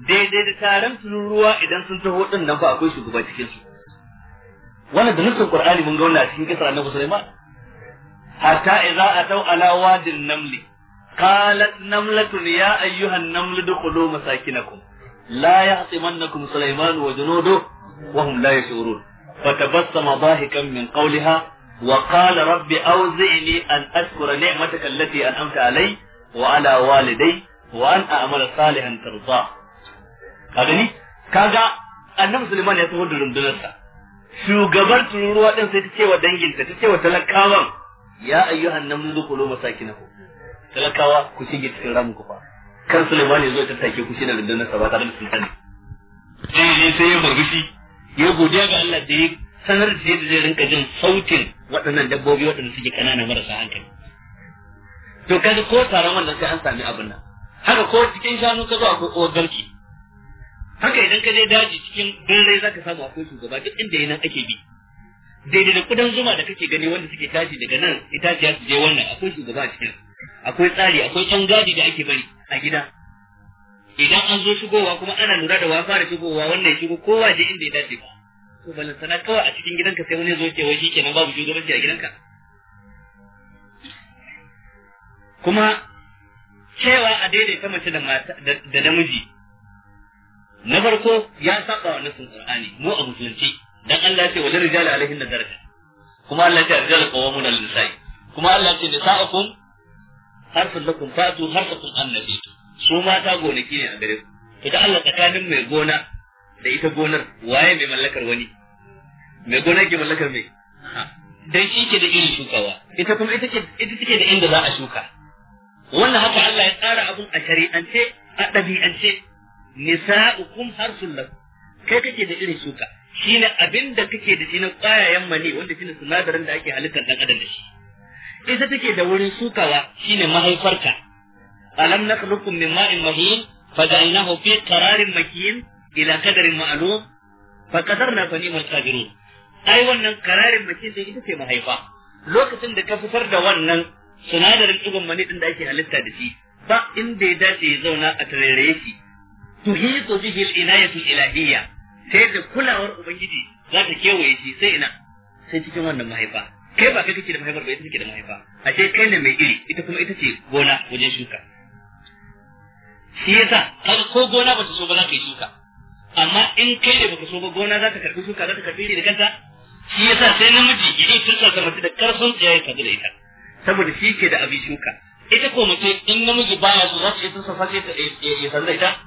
daidai da taron tururuwa idan sun taho din nan fa akwai shugaba cikin su wannan da nufin qur'ani mun ga wannan cikin kisar annabi sulaiman hatta idza ataw ala wadin namli qalat namlatun ya ayyuha an-naml dukhulu masakinakum la yahtimannakum sulaiman wa junuduhu wa hum la yashurun fatabassama dahikan min qawliha وقال رب أوزعني أن أشكر نعمتك التي أنعمت علي وعلى والدي وأن أعمل صالحا ترضاه ka gani kaga annabi Sulaiman ya taho da rundunarsa shugabar tururuwa din sai ta ce wa danginta ta ce wa talakawan ya ayyuhan namu dukulu masakinahu talakawa ku shige cikin ramin ku fa kan Sulaiman ya zo ta take ku shi da rundunarsa ba tare da sultani. sai ne sai ya murmushi ya godiya ga Allah da ya sanar da yadda zai rinka jin sautin waɗannan dabbobi waɗanda suke ƙanana marasa hankali to kaga ko taron wannan sai an sami abin nan haka ko cikin shanu ka zo akwai ogarki haka idan ka je daji cikin birrai zaka samu akwai shugaba duk inda yana ake bi daidai da kudan zuma da kake gani wanda suke tashi daga nan itaciya su je wannan akwai shugaba a cikin akwai tsari akwai can gadi da ake bari a gida idan an zo shigowa kuma ana lura da wafa da shigowa wannan ya shigo kowa je inda ya dace ba to balan sana kawai a cikin gidanka sai wani zo ke wai shikenan babu shugabanci a gidanka kuma cewa a daidaita mace da namiji na farko ya saba wa nasin qur'ani mu a musulunci dan Allah ce wajen Rijal alaihin daraja kuma Allah ce rijal qawamuna al nisa'i kuma Allah ce nisa'ukum harfun lakum fa'tu harfakum nabi su mata gonaki ne a gare ku to da Allah tsakanin mai gona da ita gonar waye mai mallakar wani mai gona ke mallakar mai dan shi ke da irin shukawa ita kuma ita take da inda za a shuka wannan haka Allah ya tsara abun a shari'ance a ɗabi'ance nisa'ukum harsul lakum kai kake da irin shuka shine abin da kake da shi na kwayayen mani wanda shine sinadarin da ake halittar dan adam da shi ita take da wurin shukawa shine mahaifarka alam nakhluqukum min ma'in mahin faj'alnahu fi qararin makin ila qadarin ma'lum fa qadarna fa ni'mal qadirun ai wannan qararin makin da ita ce mahaifa lokacin da ka fitar da wannan sinadarin ibn mani din da ake halitta da shi ba inda ya dace ya zauna a tarairaye shi tuhitu bihi al-inayatu al-ilahiyya sai da kulawar ubangiji za ta kewaye shi sai ina sai cikin wannan mahaifa kai ba kai kake da mahaifar ba ita take da mahaifa a ce kai ne mai iri ita kuma ita ce gona wajen shuka shi yasa kaga ko gona ba ta so ba za ka yi shuka amma in kai ne baka so ba gona za ta karbi shuka za ta karbi iri da kanta shi yasa sai namiji ya je tursa ta mace da karfin tsiyaye ta da ita saboda shi ke da abin shuka ita ko mace in namiji baya so za ta yi tursa face ta ya sanda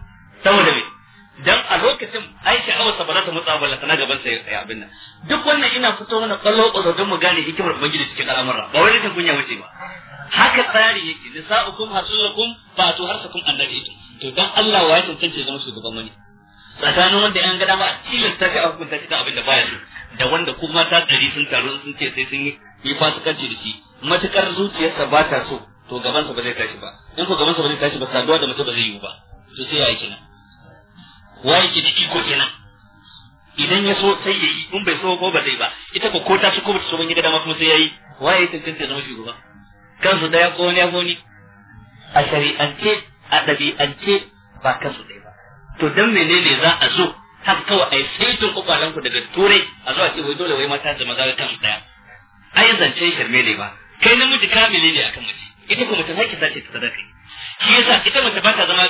saboda me dan a lokacin ai awa sa ba za ta mutsa ba lantana gaban sa ya abin nan duk wannan ina fito mana kallo kwazo don mu gane hikimar ubangiji cikin al'amura ba wani rikin kunya wuce ba haka tsari yake nisa'ukum hasulukum fa tu harsakum annabi ito to dan Allah wa ya tantance zama shugaban wani tsakanin wanda yan gada ba a cikin shi a hukunta cikin abin da baya so da wanda kuma ta dari sun taru sun ce sai sun yi fasikanci da shi matukar zuciyarsa ba ta so to gabansa ba zai tashi ba in ko gabansa ba zai tashi ba saduwa da mace ba zai yi ba to sai ya yi kenan waye ke ciki ko kenan idan ya so sai ya yi in bai so ko ba zai ba ita ko ko ta so ko ba ta so ban gida dama kuma sai ya yi waye ya tantance zama gaba kansu daya ko wani ya ko ni a shari'ance a ɗabi'ance ba kansu ɗaya ba to dan menene za a zo har kawai a yi saitin ku daga turai a zo a ce wai dole wai mata da maza kansu ɗaya ai zance shirme ne ba kai namiji kamili ne akan mace ita kuma ta sake sace ta sadaka shi yasa ita mace ba ta zama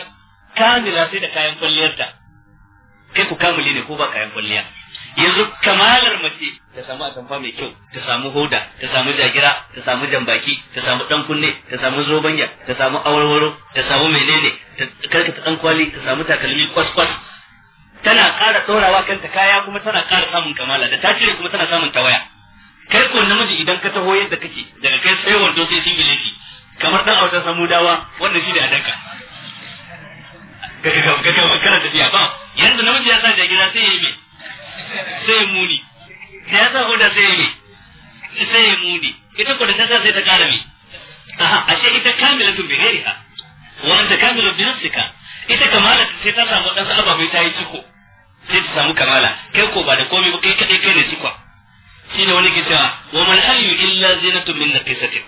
kamila sai da kayan kwalliyarta kai ku kamule ne ko ba kayan kwalliya yanzu kamalar mace ta samu atamfa mai kyau ta samu hoda ta samu jagira ta samu jambaki ta samu dan kunne ta samu zobanya ta samu awarwaro ta samu menene ta karkata dan kwali ta samu takalmi kwaskwas tana ƙara ɗorawa kanta kaya kuma tana ƙara samun kamala da ta cire kuma tana samun tawaya kai ko namiji idan ka taho yadda kake daga kai sai wanto sai singileti kamar dan autar samu dawa wannan shi da adaka gaggawa kana tafiya ba yanzu namiji ya sa jagira sai ya yi mai sai ya muni da ya sa hoda sai ya mai sai ya muni ita ko da ta sa sai ta kara mai aha ashe ita kamilatun bi ghairiha wa anta kamilun bi nafsika ita kamala sai ta samu dan ababe ta yi ciko sai ta samu kamala kai ko ba da komai ba kai kadai kai ne cikwa shine wani ke cewa wa man hayyu illa zinatun min naqisatik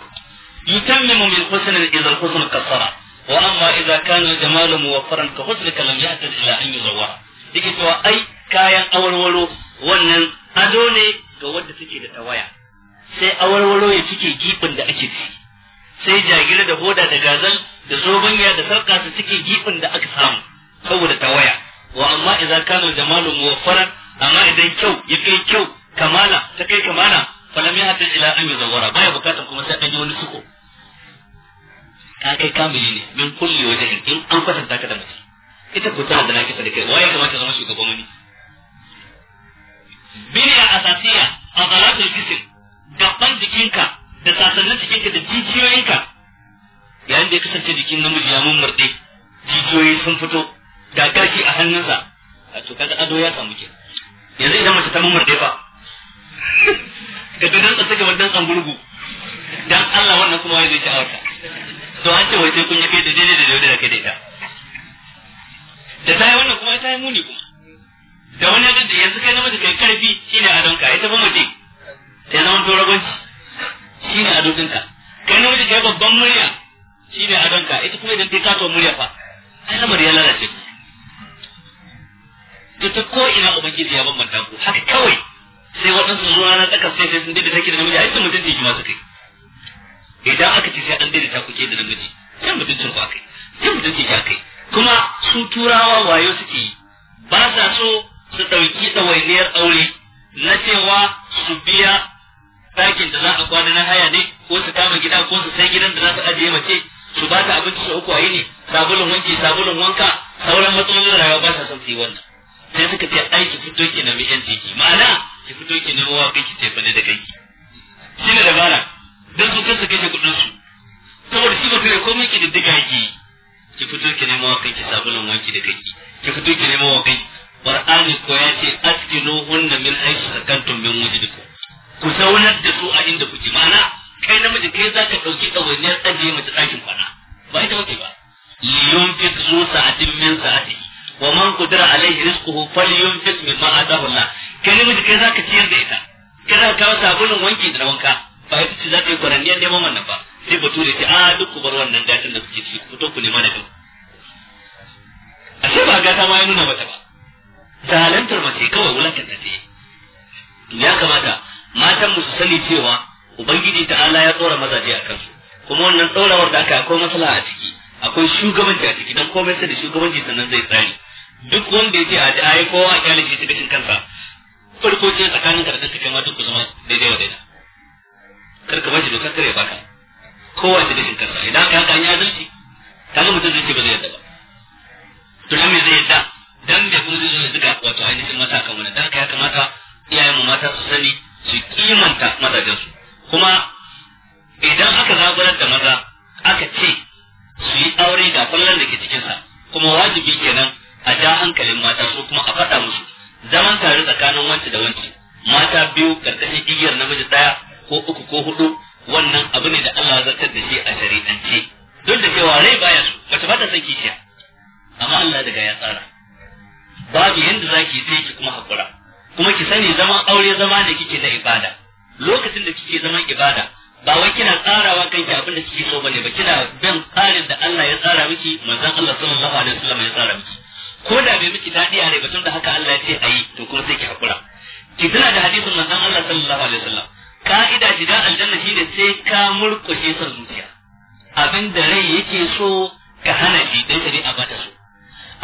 yutammimu min husnin idza husn kasara وأما إذا كان الجمال موفرا كحسنك لم يحتج إلى أن يزور yake cewa ai kayan awarwaro wannan ado ne ga wanda take da tawaya sai awarwaro ya cike gibin da ake ci sai jagira da boda da gazal da zobanya da sarka su cike gibin da aka samu saboda tawaya wa amma idza kana jamalu muwaffaran amma idan kyau ya kai kyau kamala ta kai kamala falam ya hatta ila an yi yuzawwara baya bukatan kuma sai an yi wani suko ka kai kamili ne min kulli wajhin in an kwatanta ka da mutum ita ko tana da naki da kai waye kamata zama shugaban wani biya asasiya azalatul jism gaban jikinka da sasannin jikinka da jijiyoyinka yayin da ya kasance jikin namiji ya mummurde jijiyoyi sun fito ga gashi a hannunsa a to kaga ado ya samu ke yanzu idan mace ta mummurde fa daga nan ta wannan tsangurgu dan Allah wannan kuma wai zai ci auta to an ce wai sai kun yi kai da daidai da daidai da kai da ita da ta yi wannan kuma ta yi muni kuma da wani yadda yanzu kai namiji kai karfi shine a ka ita fa mace ta zama to rabanci a adon ka kai namiji kai babban murya shi ne a ka ita kuma idan ta kato murya fa ai lamar ya lalace to ta ko ina ubangiji ya bambanta ku haka kawai sai waɗansu zuwa na tsakar sai sai sun daidaita take da namiji ai sun mutunci ki masu kai idan aka ce sai an daina ta kuke da namiji sai mutuncin ku akai sai mutuncin ki akai kuma su turawa wayo suke yi ba sa so su ɗauki ɗawainiyar aure na cewa su biya ɗakin da za a kwana na haya ne ko su kama gida ko su sai gidan da za su ajiye mace su ba ta abinci su uku a yi ne sabulun wanki sabulun wanka sauran matsalolin rayuwa ba sa son su yi wannan sai suka ce ai ki fito ki nemi yan ciki ma'ana ki fito ki nemi wa kai ce fa ne da kanki shi ne dabara don su kansu kashe kudin su saboda shi ba kare komai ki diddiga ki ki fito ki nemo wakan ki sabulun wanki da kake ki fito ki nemo wakan qur'ani ko ya ce askinu hunna min aisu sakantum min wujudikum ku zaunar da su a inda kuke ma'ana kai namiji kai zaka dauki ɗawainiyar ajiye mace ɗakin kwana ba ita wace ba liyunfik zu sa'atin min sa'atihi wa man qadara alaihi rizquhu falyunfik mimma ataahu Allah kai namiji kai zaka ciyar da ita kana kawo sabulun wanki da wanka ba ita ce za ta yi kwaranniyar neman wannan ba sai bature ce a ah, duk ku bar wannan datin da kuke ciki ku fito ku nema na duk ashe ba gata ma ya nuna mata ba zalantar mace kawai ta ce ya kamata matan mu su sani cewa ubangiji ta'ala ya tsora mazaje a kansu kuma wannan tsorawar da aka akwai matsala a ciki akwai shugabanci a ciki don komai sai da shugabanci sannan zai tsari duk wanda ce a ji ai kowa a kyale shi ta kansa farko ce tsakanin ka da kanka kai ma duk ku zama daidai wa daidai kar ka bashi doka kare baka kowa da dakin kansa idan ka haka ya zalci kaga mutum zai ce ba zai yadda ba to dan me zai yadda dan da kuma zai zo duka wato ainihin mata kan wannan dan ka ya kamata iyayen mu mata su sani su kimanta mazajen su kuma idan aka zaburar da maza aka ce su yi aure ga kwallon da ke cikinsa kuma wajibi kenan a ja hankalin mata su kuma a faɗa musu zaman tare tsakanin wanci da wanci mata biyu karkashin igiyar namiji ɗaya ko uku ko hudu wannan abu ne da Allah zartar da shi a shari'ance duk da cewa rai baya su bata fata san kishiya amma Allah daga ya tsara babu yanda zaki sai ki kuma hakura kuma ki sani zaman aure zama ne kike da ibada lokacin da kike zaman ibada ba wai kina tsarawa kanki abin da kike so bane ba kina bin tsarin da Allah ya tsara miki manzon Allah sallallahu alaihi wasallam ya tsara miki ko da bai miki dadi a rai ba tun da haka Allah ya ce ayi to kuma sai ki hakura ki tuna da hadisin manzon Allah sallallahu alaihi wasallam ka'ida shiga aljanna shi ne sai ka murƙushe sa zuciya abin da rai yake so ka hana shi dan shari'a ba ta so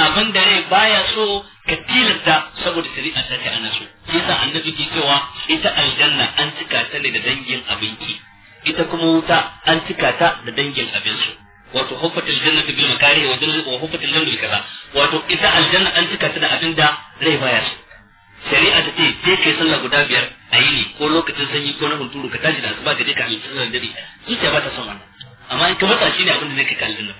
abin da rai baya so ka tilasta saboda shari'a ta ce ana so shi yasa annabi ke cewa ita aljanna an cika ta ne da dangin abinki ita kuma wuta an cika ta da dangin abin su wato huffatul jannatu bil makari wa jannatu wa huffatul jannatu bil kaza wato ita aljanna an cika ta da abin da rai baya so shari'a ta ce je kai sallah guda biyar a ne. ko lokacin sanyi ko na hunturu ka tashi da asuba ka je ka yi da dare zuciya ba ta son wannan amma in ka matsa shi ne abin da nake kallon nan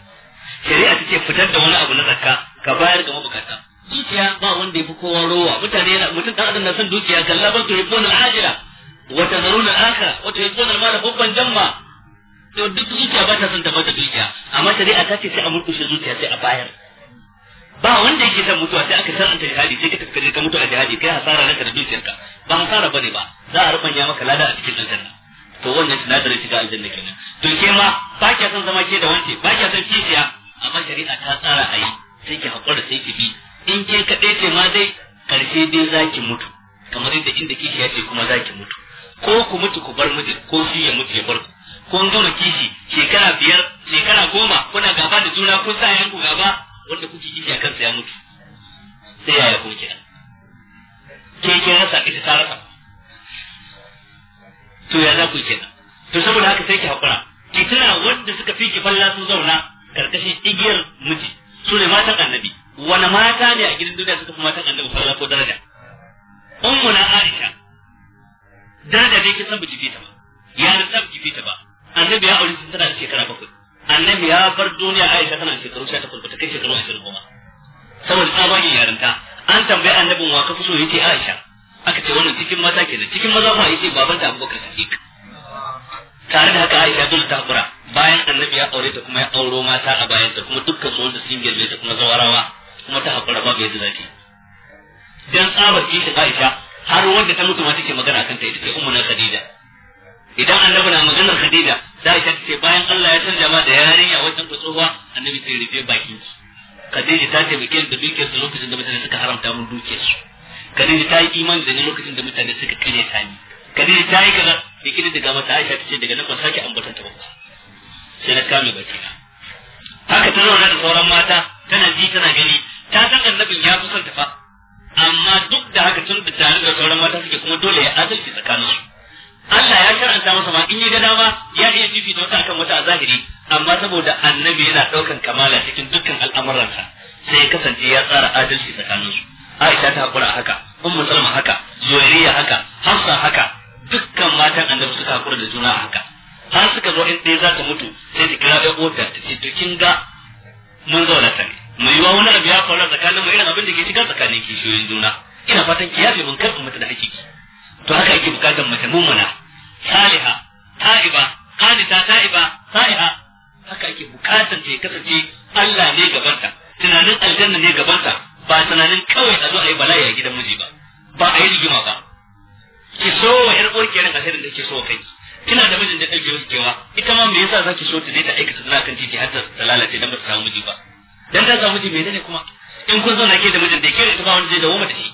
shari'a ta ce fitar da wani abu na zakka ka bayar ga mabukata zuciya ba wanda ya fi kowa rowa mutane yana mutum ɗan adam na son dukiya kalla ban to yabon ajira wata tazaruna al aka wata tuhibbuna al mara babban jamma to duk zuciya ba ta son ta bata dukiya amma shari'a ta ce sai a murkushe zuciya sai a bayar ba wanda yake son mutuwa sai aka san an tafi hadi sai ka tafi ka mutu a jihadi kai hasara na tarbiyyar ka ba hasara bane ba za a rubanya maka lada a cikin aljanna to wannan sinadarin shiga aljanna kenan to ke ma ba kya son zama ke da wance ba kya son kishiya amma shari'a ta tsara a yi sai ki haƙura sai ki bi in ke kaɗai ce ma dai karshe dai za ki mutu kamar yadda inda kishiya ce kuma za ki mutu ko ku mutu ku bar mijin ko shi ya mutu ya bar ku kun gama kishi shekara biyar shekara goma kuna gaba da juna kun sa yanku gaba wanda kuke gini a kansa ya mutu sai ya kuma kenan ke kin rasa ita ta rasa to ya za ku kenan to saboda haka sai ki hakura ki tuna wanda suka fi ki falla sun zauna karkashin igiyar miji su ne matan annabi wani mata ne a gidan duniya suka fi matan annabi falla ko daraja na aisha daraja dai kin san ba ki fita ba ya san ki fita ba annabi ya aure tana da shekara bakwai annabi ya bar duniya aisha tana shekaru 18 bata kai shekaru ashirin goma saboda tsabagen yarinta an tambayi annabin wa kafi fi so yace aisha aka ce wannan cikin mata kenan cikin maza fa yace babanta abubakar siddiq tare da haka aisha dole ta kura bayan annabi ya aure ta kuma ya auro mata a bayan ta kuma dukkan su wanda sun girbe ta kuma zawarawa kuma ta hakura ba bai zaki dan tsabar kishin aisha har wanda ta mutu ma take magana kanta ita ce ummu na khadija idan annabi na maganar Khadija sai ta ce bayan Allah ya canja ma da yarinya wajen ku annabi sai rufe bakin su Khadija ta ce bikin da bikin su lokacin da mutane suka haramta mun dukiya. su Khadija ta yi imani da ni lokacin da mutane suka kare ta ni Khadija ta yi kaza bikin da daga mata Aisha ta ce daga nan ba sake ambata ta ba sai na kame baki haka ta zauna da sauran mata tana ji tana gani ta san annabin ya kusanta ta fa amma duk da haka tun da tare da sauran mata suke kuma dole ya adalci tsakaninsu Allah ya karanta masa ma in ya ga dama ya iya fifita wata akan wata a zahiri amma saboda annabi yana daukan kamala cikin dukkan al'amuransa sai ya kasance ya tsara adalci tsakaninsu Aisha ta hakura haka Ummu Salma haka Zuwairiya haka Hafsa haka dukkan matan annabi suka hakura da juna haka har suka zo in ɗaya za ta mutu sai ta kira ɗan uwarta ta ce to kin ga mun zauna ta ne mu yi wani abu ya faru tsakanin mu irin abin da ke shiga tsakanin kishiyoyin juna ina fatan ki yafe mun karɓi mata da hakiki to haka yake bukatar mace mummuna saliha ta'iba qanita ta'iba saliha haka yake bukatar ta kasance Allah ne gabanta tunanin aljanna ne gabanta ba tunanin kawai a zo a yi bala'i a gidan miji ba ba a yi rigima ba ki so wa yar uwar kenan asirin da ke so kai kina da mijin da kake so kewa ita ma me yasa zaki so ta je ta aikata zina kan titi har ta lalace dan ba ta samu miji ba dan ta samu miji menene kuma in kun na ke da mijin da ke da ita ba wani zai dawo mata shi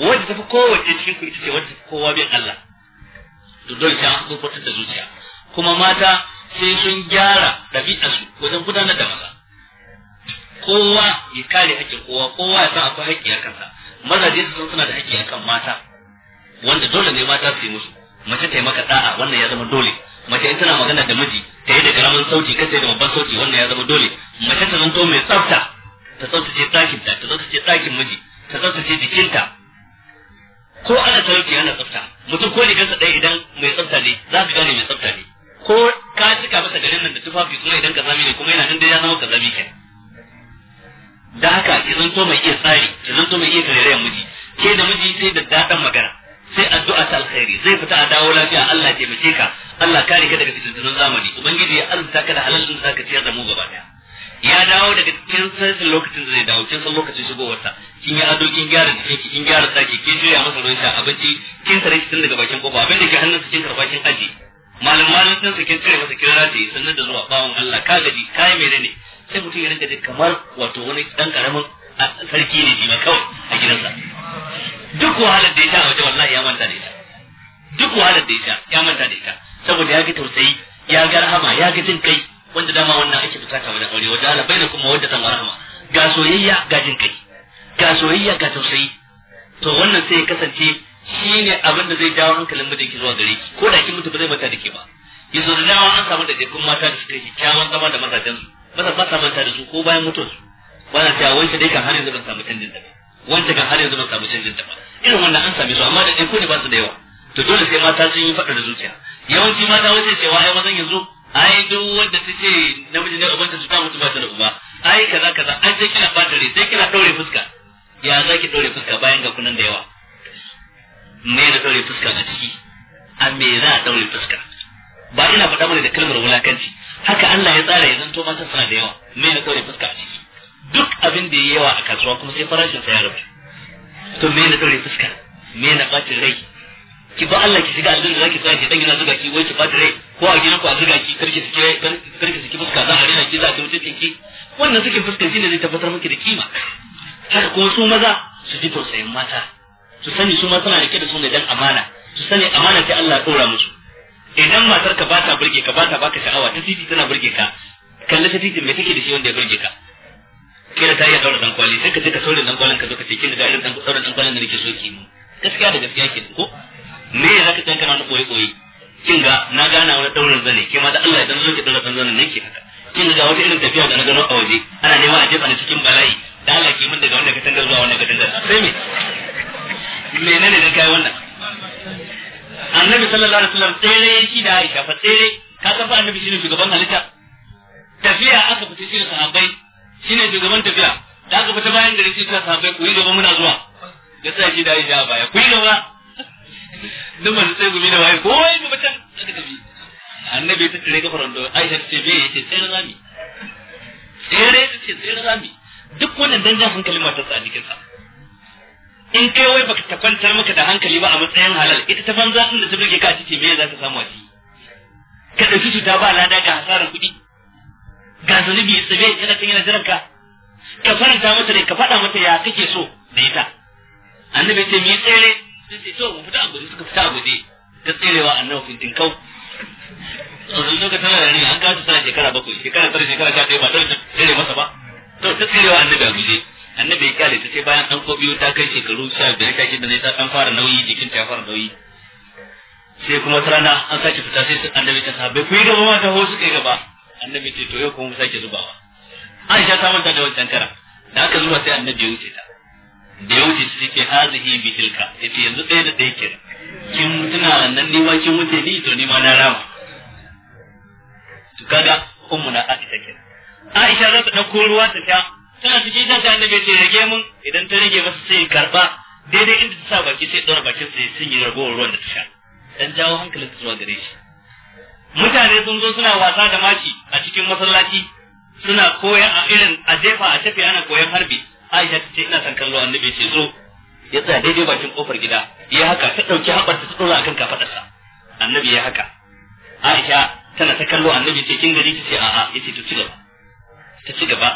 wadda tafi kowace cikin ku ita ce wadda tafi kowa bin Allah to dole sai an gurbatar da zuciya kuma mata sai sun gyara ɗabi'arsu wajen gudanar da maza kowa ya kare haƙƙin kowa kowa ya san akwai haƙƙi a kansa mazaje su suna da haƙƙi a kan mata wanda dole ne mata su yi musu mace ta yi maka da'a wannan ya zama dole mace in tana magana da miji ta yi da karamin sauti kace da babban sauti wannan ya zama dole mace ta zanto mai tsafta ta tsaftace ɗakin ta ta tsaftace ɗakin miji ta tsaftace jikinta ko ana talauci yana tsafta mutum ko kansa ɗaya idan mai tsafta ne za ka gane mai tsafta ne ko ka cika masa garin nan da tufafi kuma idan ka zami ne kuma yana nan dai ya zama ka zami kai da haka ki zanto mai iya tsari ki zanto mai iya karerayen miji ke da miji sai da dadan magana sai addu'a ta alkhairi zai fita a dawo lafiya Allah ya taimake ka Allah kare ka daga fitintunan zamani ubangiji ya arzuta ka da halalin da zaka ciyar da mu gaba daya ya dawo daga cikin sassan lokacin da zai dawo cikin san lokacin shigowarsa kin yi ado kin gyara jikin ki kin gyara saki kin shirya masa ruwan sha abinci kin tare shi tun daga bakin kofa abin da ke hannunsa kin karba kin aje malam malam sun sa kin cire masa kin rataye sannan da zuwa bawon Allah ka gaji kai ne, sai mutum ya rinka jin kamar wato wani dan karamin sarki ne shi ma kawai a gidansa duk wahalar da ya sha a waje wallahi ya manta da ita duk wahalar da ya sha ya manta da ita saboda ya ga tausayi ya ga rahama ya ga jin kai wanda dama wannan ake bukata wajen aure wajen ala bayyana kuma wadda tan rahama ga soyayya ga jin kai ga soyayya ga tausayi to wannan sai ya kasance shine abin da zai jawo hankalin mijinki zuwa gare ki ko da kin mutu ba zai mata da ke ba yanzu da dama an samu da dukkan mata da suka yi kyawun zama da mazajen su maza ba sa manta da su ko bayan mutuwar su ba na cewa wancan dai kan har yanzu ban samu canjin da ba wancan kan har yanzu ban samu canjin da ba irin wannan an same su amma da ɗaya ko ne ba su da yawa to dole sai mata sun yi faɗa da zuciya yawanci mata wace cewa ai mazan yanzu ai duk wanda ta ce namiji ne ubanta su ta mutu ba ta da uba ai kaza kaza an sai kina bata rai sai kina daure fuska ya za ki daure fuska bayan ga kunan da yawa me da daure fuska a ciki a me za a daure fuska ba ina faɗa mana da kalmar wulakanci haka Allah ya tsara ya zanto mata suna da yawa me da daure fuska a ciki duk abin da yayi yawa a kasuwa kuma sai farashin sa ya rabu to me da daure fuska me na bacin rai ki ba Allah ki shiga aljanna zaki tsaya dan gina zuga ki wai ki fadire ko a gidan ku a zuga ki karki siki karki siki fuska za a rina ki za a wuce ki wannan suke fuska shine zai tabbatar miki da kima haka kuma su maza su ji tausayin mata su sani su ma suna rike da su ne dan amana su sani amana ta Allah ya dora musu idan matar ka ba ta burge ka ba ta baka sha'awa ta titi tana burge ka kalli ta titi me take da shi wanda ya burge ka kila ta iya daura dan kwali sai ka je ka saurin dan kwalin ka zo ka ce kin da irin dan saurin dan kwalin da nake so ki gaskiya da gaskiya ke ko me za ka kana na koyi koyi kin ga na gana wani daurin zane kima da Allah idan zo ki daura san zanen nake haka kin ga wata irin tafiya da na gano a waje ana nema a jefa ni cikin bala'i da Allah ki min daga ka tangar zuwa ka tangar sai me menene da kai wannan annabi sallallahu alaihi wasallam tsere shi da Aisha fa tsere ka san fa annabi shine shugaban halitta tafiya aka fita shi da sahabbai shine shugaban tafiya da aka fita bayan gari shi da sahabbai ku yi gaba muna zuwa da sai shi da Aisha baya ku yi gaba duk masu sai gumi da waye ko waye gumi can aka tafi annabi ta tsire kafar wando aisha ta ce me ya ce tsere rami tsere ta ce tsere rami duk wannan dan jan hankalin matarsa a jikinsa in kai wai baka ta kwantar maka da hankali ba a matsayin halal ita ta banza din da ta burge ka a ciki me za ka samu a ciki ka ɗauki cuta ba lada ga hasarar kuɗi ga zunubi ya tsabe yana kan yana jiranka ka faranta mata ne ka faɗa mata ya kake so da ita annabi ce me tsere sai ce to mu fita a suka fita a ta tserewa annabi tana an gasu sana shekara bakwai shekara shekara ba tsere masa ba to ta tserewa annabi a annabi ya ta ce bayan ko ta kai shekaru sha biyar ne ta fara nauyi jikin ta fara nauyi sai kuma ta rana an sake fita sai annabi ta sahabbai ku yi gaba ma ta gaba annabi ce to yau kuma mu sake zubawa Aisha ta manta da wancan kara da aka zuwa sai annabi ya wuce ta da ya wuce cike hazihi bi tilka yace yanzu ɗaya da ɗaya kenan kin tuna nan ni ma kin wuce ni to ni ma na rama to kaga ummu na Aisha kenan Aisha za ta ɗauko ruwa ta sha, tana cikin ta ta annabi ce rage mun idan ta rage masa sai karba daidai inda ta sa baki sai ɗora bakin sai sun yi ragowar ruwan da ta sha dan jawo hankalin zuwa gare shi mutane sun zo suna wasa da maki a cikin masallaci suna koyan a irin a jefa a tafi ana koyan harbi Aisha ta ce ina son kallo annabi ce zo ya tsaya daidai bakin kofar gida ya haka ta dauki haɓar ta dora akan kafadarsa annabi ya haka Aisha tana ta kallo annabi ce kin gari ce a'a yace ta ci gaba ta ci gaba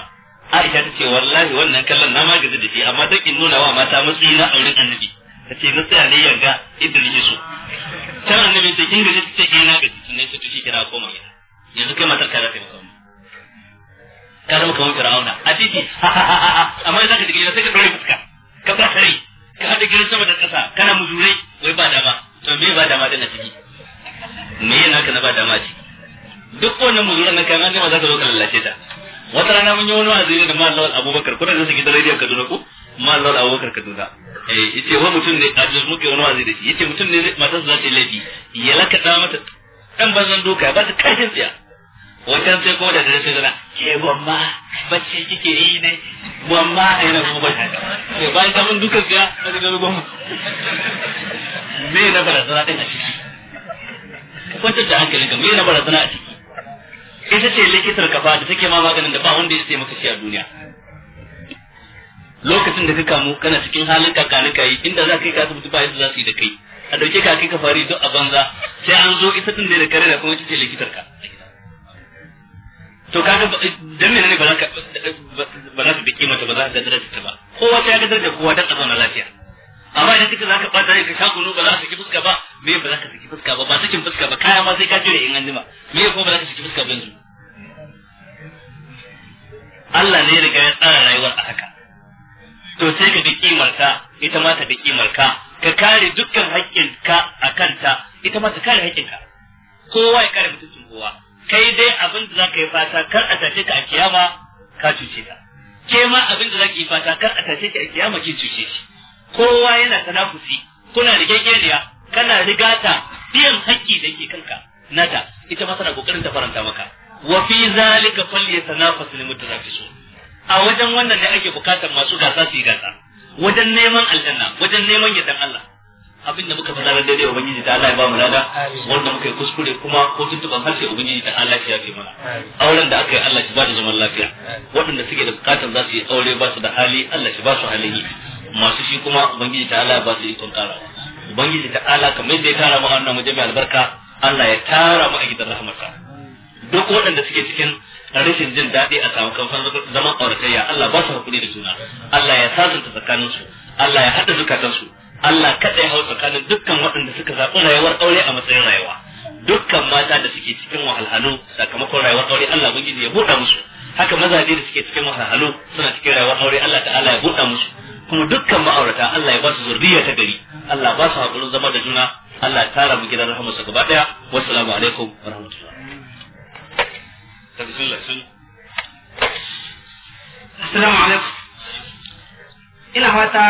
Aisha ta ce wallahi wannan kallon na gaza da shi amma dan in nuna wa mata matsayi na auren annabi ta ce na tsaya ne yanga idris so ta annabi ce kin gari ce ina eh, gaji sannan ta ci kira koma gida yanzu kai matar ka za ta yi ka zama kamar fir'auna a titi amma idan ka digiri sai ka dore fuska ka ba sare ka hada gidan sama da kasa kana muzurai wai ba dama to me ba dama din a ciki me yana ka na ba dama a ciki duk wannan muzuran nan kan an ma za ka zo ka lallace ta wata rana mun yi wani wa'azi da Mallam Abubakar kuna da gidan radio ka Kaduna ko Mallam Abubakar Kaduna eh yace wa mutum ne a jin muke wani wa'azi da shi yace mutum ne matar za ta laifi ya lakada mata dan bazan doka ba ta kashin tsiya wajen sai ko da da sai zana ke gwamma bacci kike yi ne gwamma a yana kuma bata sai bayan samun duka siya a cikin gaba gwamma me na barazana ɗin a ciki kwantar da hankali ga me na barazana a ciki ita ce likitar kafa da take ma maganin da ba wanda ya sai maka shi a duniya lokacin da ka kamu kana cikin halin kakanika yi inda za ka yi ka mutu ba su za su yi da kai a dauke ka kai ka fari duk a banza sai an zo ita tun da kare da kuma ita ce likitar ka to kaga dan mene ne ba za ka ba za ka bi kimanta ba za ka gadar ta ba kowa ta gadar da kowa dan a zauna lafiya amma idan kika za ka ba dare ka sha kunu ba za ka saki fuska ba me ba za ka saki fuska ba ba sakin fuska ba kaya ma sai ka jira in an jima me ko ba za ka saki fuska ba yanzu Allah ne riga ya tsara rayuwar a haka to sai ka bi kimarta ita ma ta bi kimarka ka kare dukkan haƙƙinka a kanta ita ma ta kare haƙƙinka kowa ya kare mutuncin kowa kai dai abin da zaka yi fata kar a tace ka a kiyama ka cuce ta ke ma abin da zaka yi fata kar a tace ka a kiyama ki cuce shi kowa yana tanafusi kuna rigegeniya kana rigata biyan hakki da ke kanka nata ita ma tana kokarin ta faranta maka wa fi zalika falyatanafasul mutanafisun a wajen wannan ne ake bukatar masu gasa su yi gasa wajen neman aljanna wajen neman yadan Allah abin da muka fi na daidai ubangiji ta Allah ya ba mu lada wanda muka yi kuskure kuma ko tuntuban harshe ubangiji ta Allah ya fi mana auren da aka yi Allah shi ba da zaman lafiya waɗanda suke da bukatan za su yi aure ba su da hali Allah shi ba su halin yi masu shi kuma ubangiji ta Allah ya ba su ikon ƙara ubangiji ta Allah kamar da ya tara mu wannan wajen mai albarka Allah ya tara mu a gidan rahmarsa duk waɗanda suke cikin rashin jin daɗi a samu kamfan zaman auratayya Allah ba su hakuri da juna Allah ya sasanta tsakaninsu Allah ya haɗa zukatansu Allah kada ya hau tsakanin dukkan waɗanda suka zaɓi rayuwar aure a matsayin rayuwa dukkan mata da suke cikin wahalhalu sakamakon rayuwar aure Allah ubangiji ya buɗa musu haka mazaje da suke cikin wahalhalu suna cikin rayuwar aure Allah ta'ala ya buɗa musu kuma dukkan ma'aurata Allah ya ba su zurriya ta gari Allah ba su haƙurin zama da juna Allah ya tara mu gidan rahamarsa gaba ɗaya wassalamu alaikum wa rahmatullah Assalamu alaikum ina fata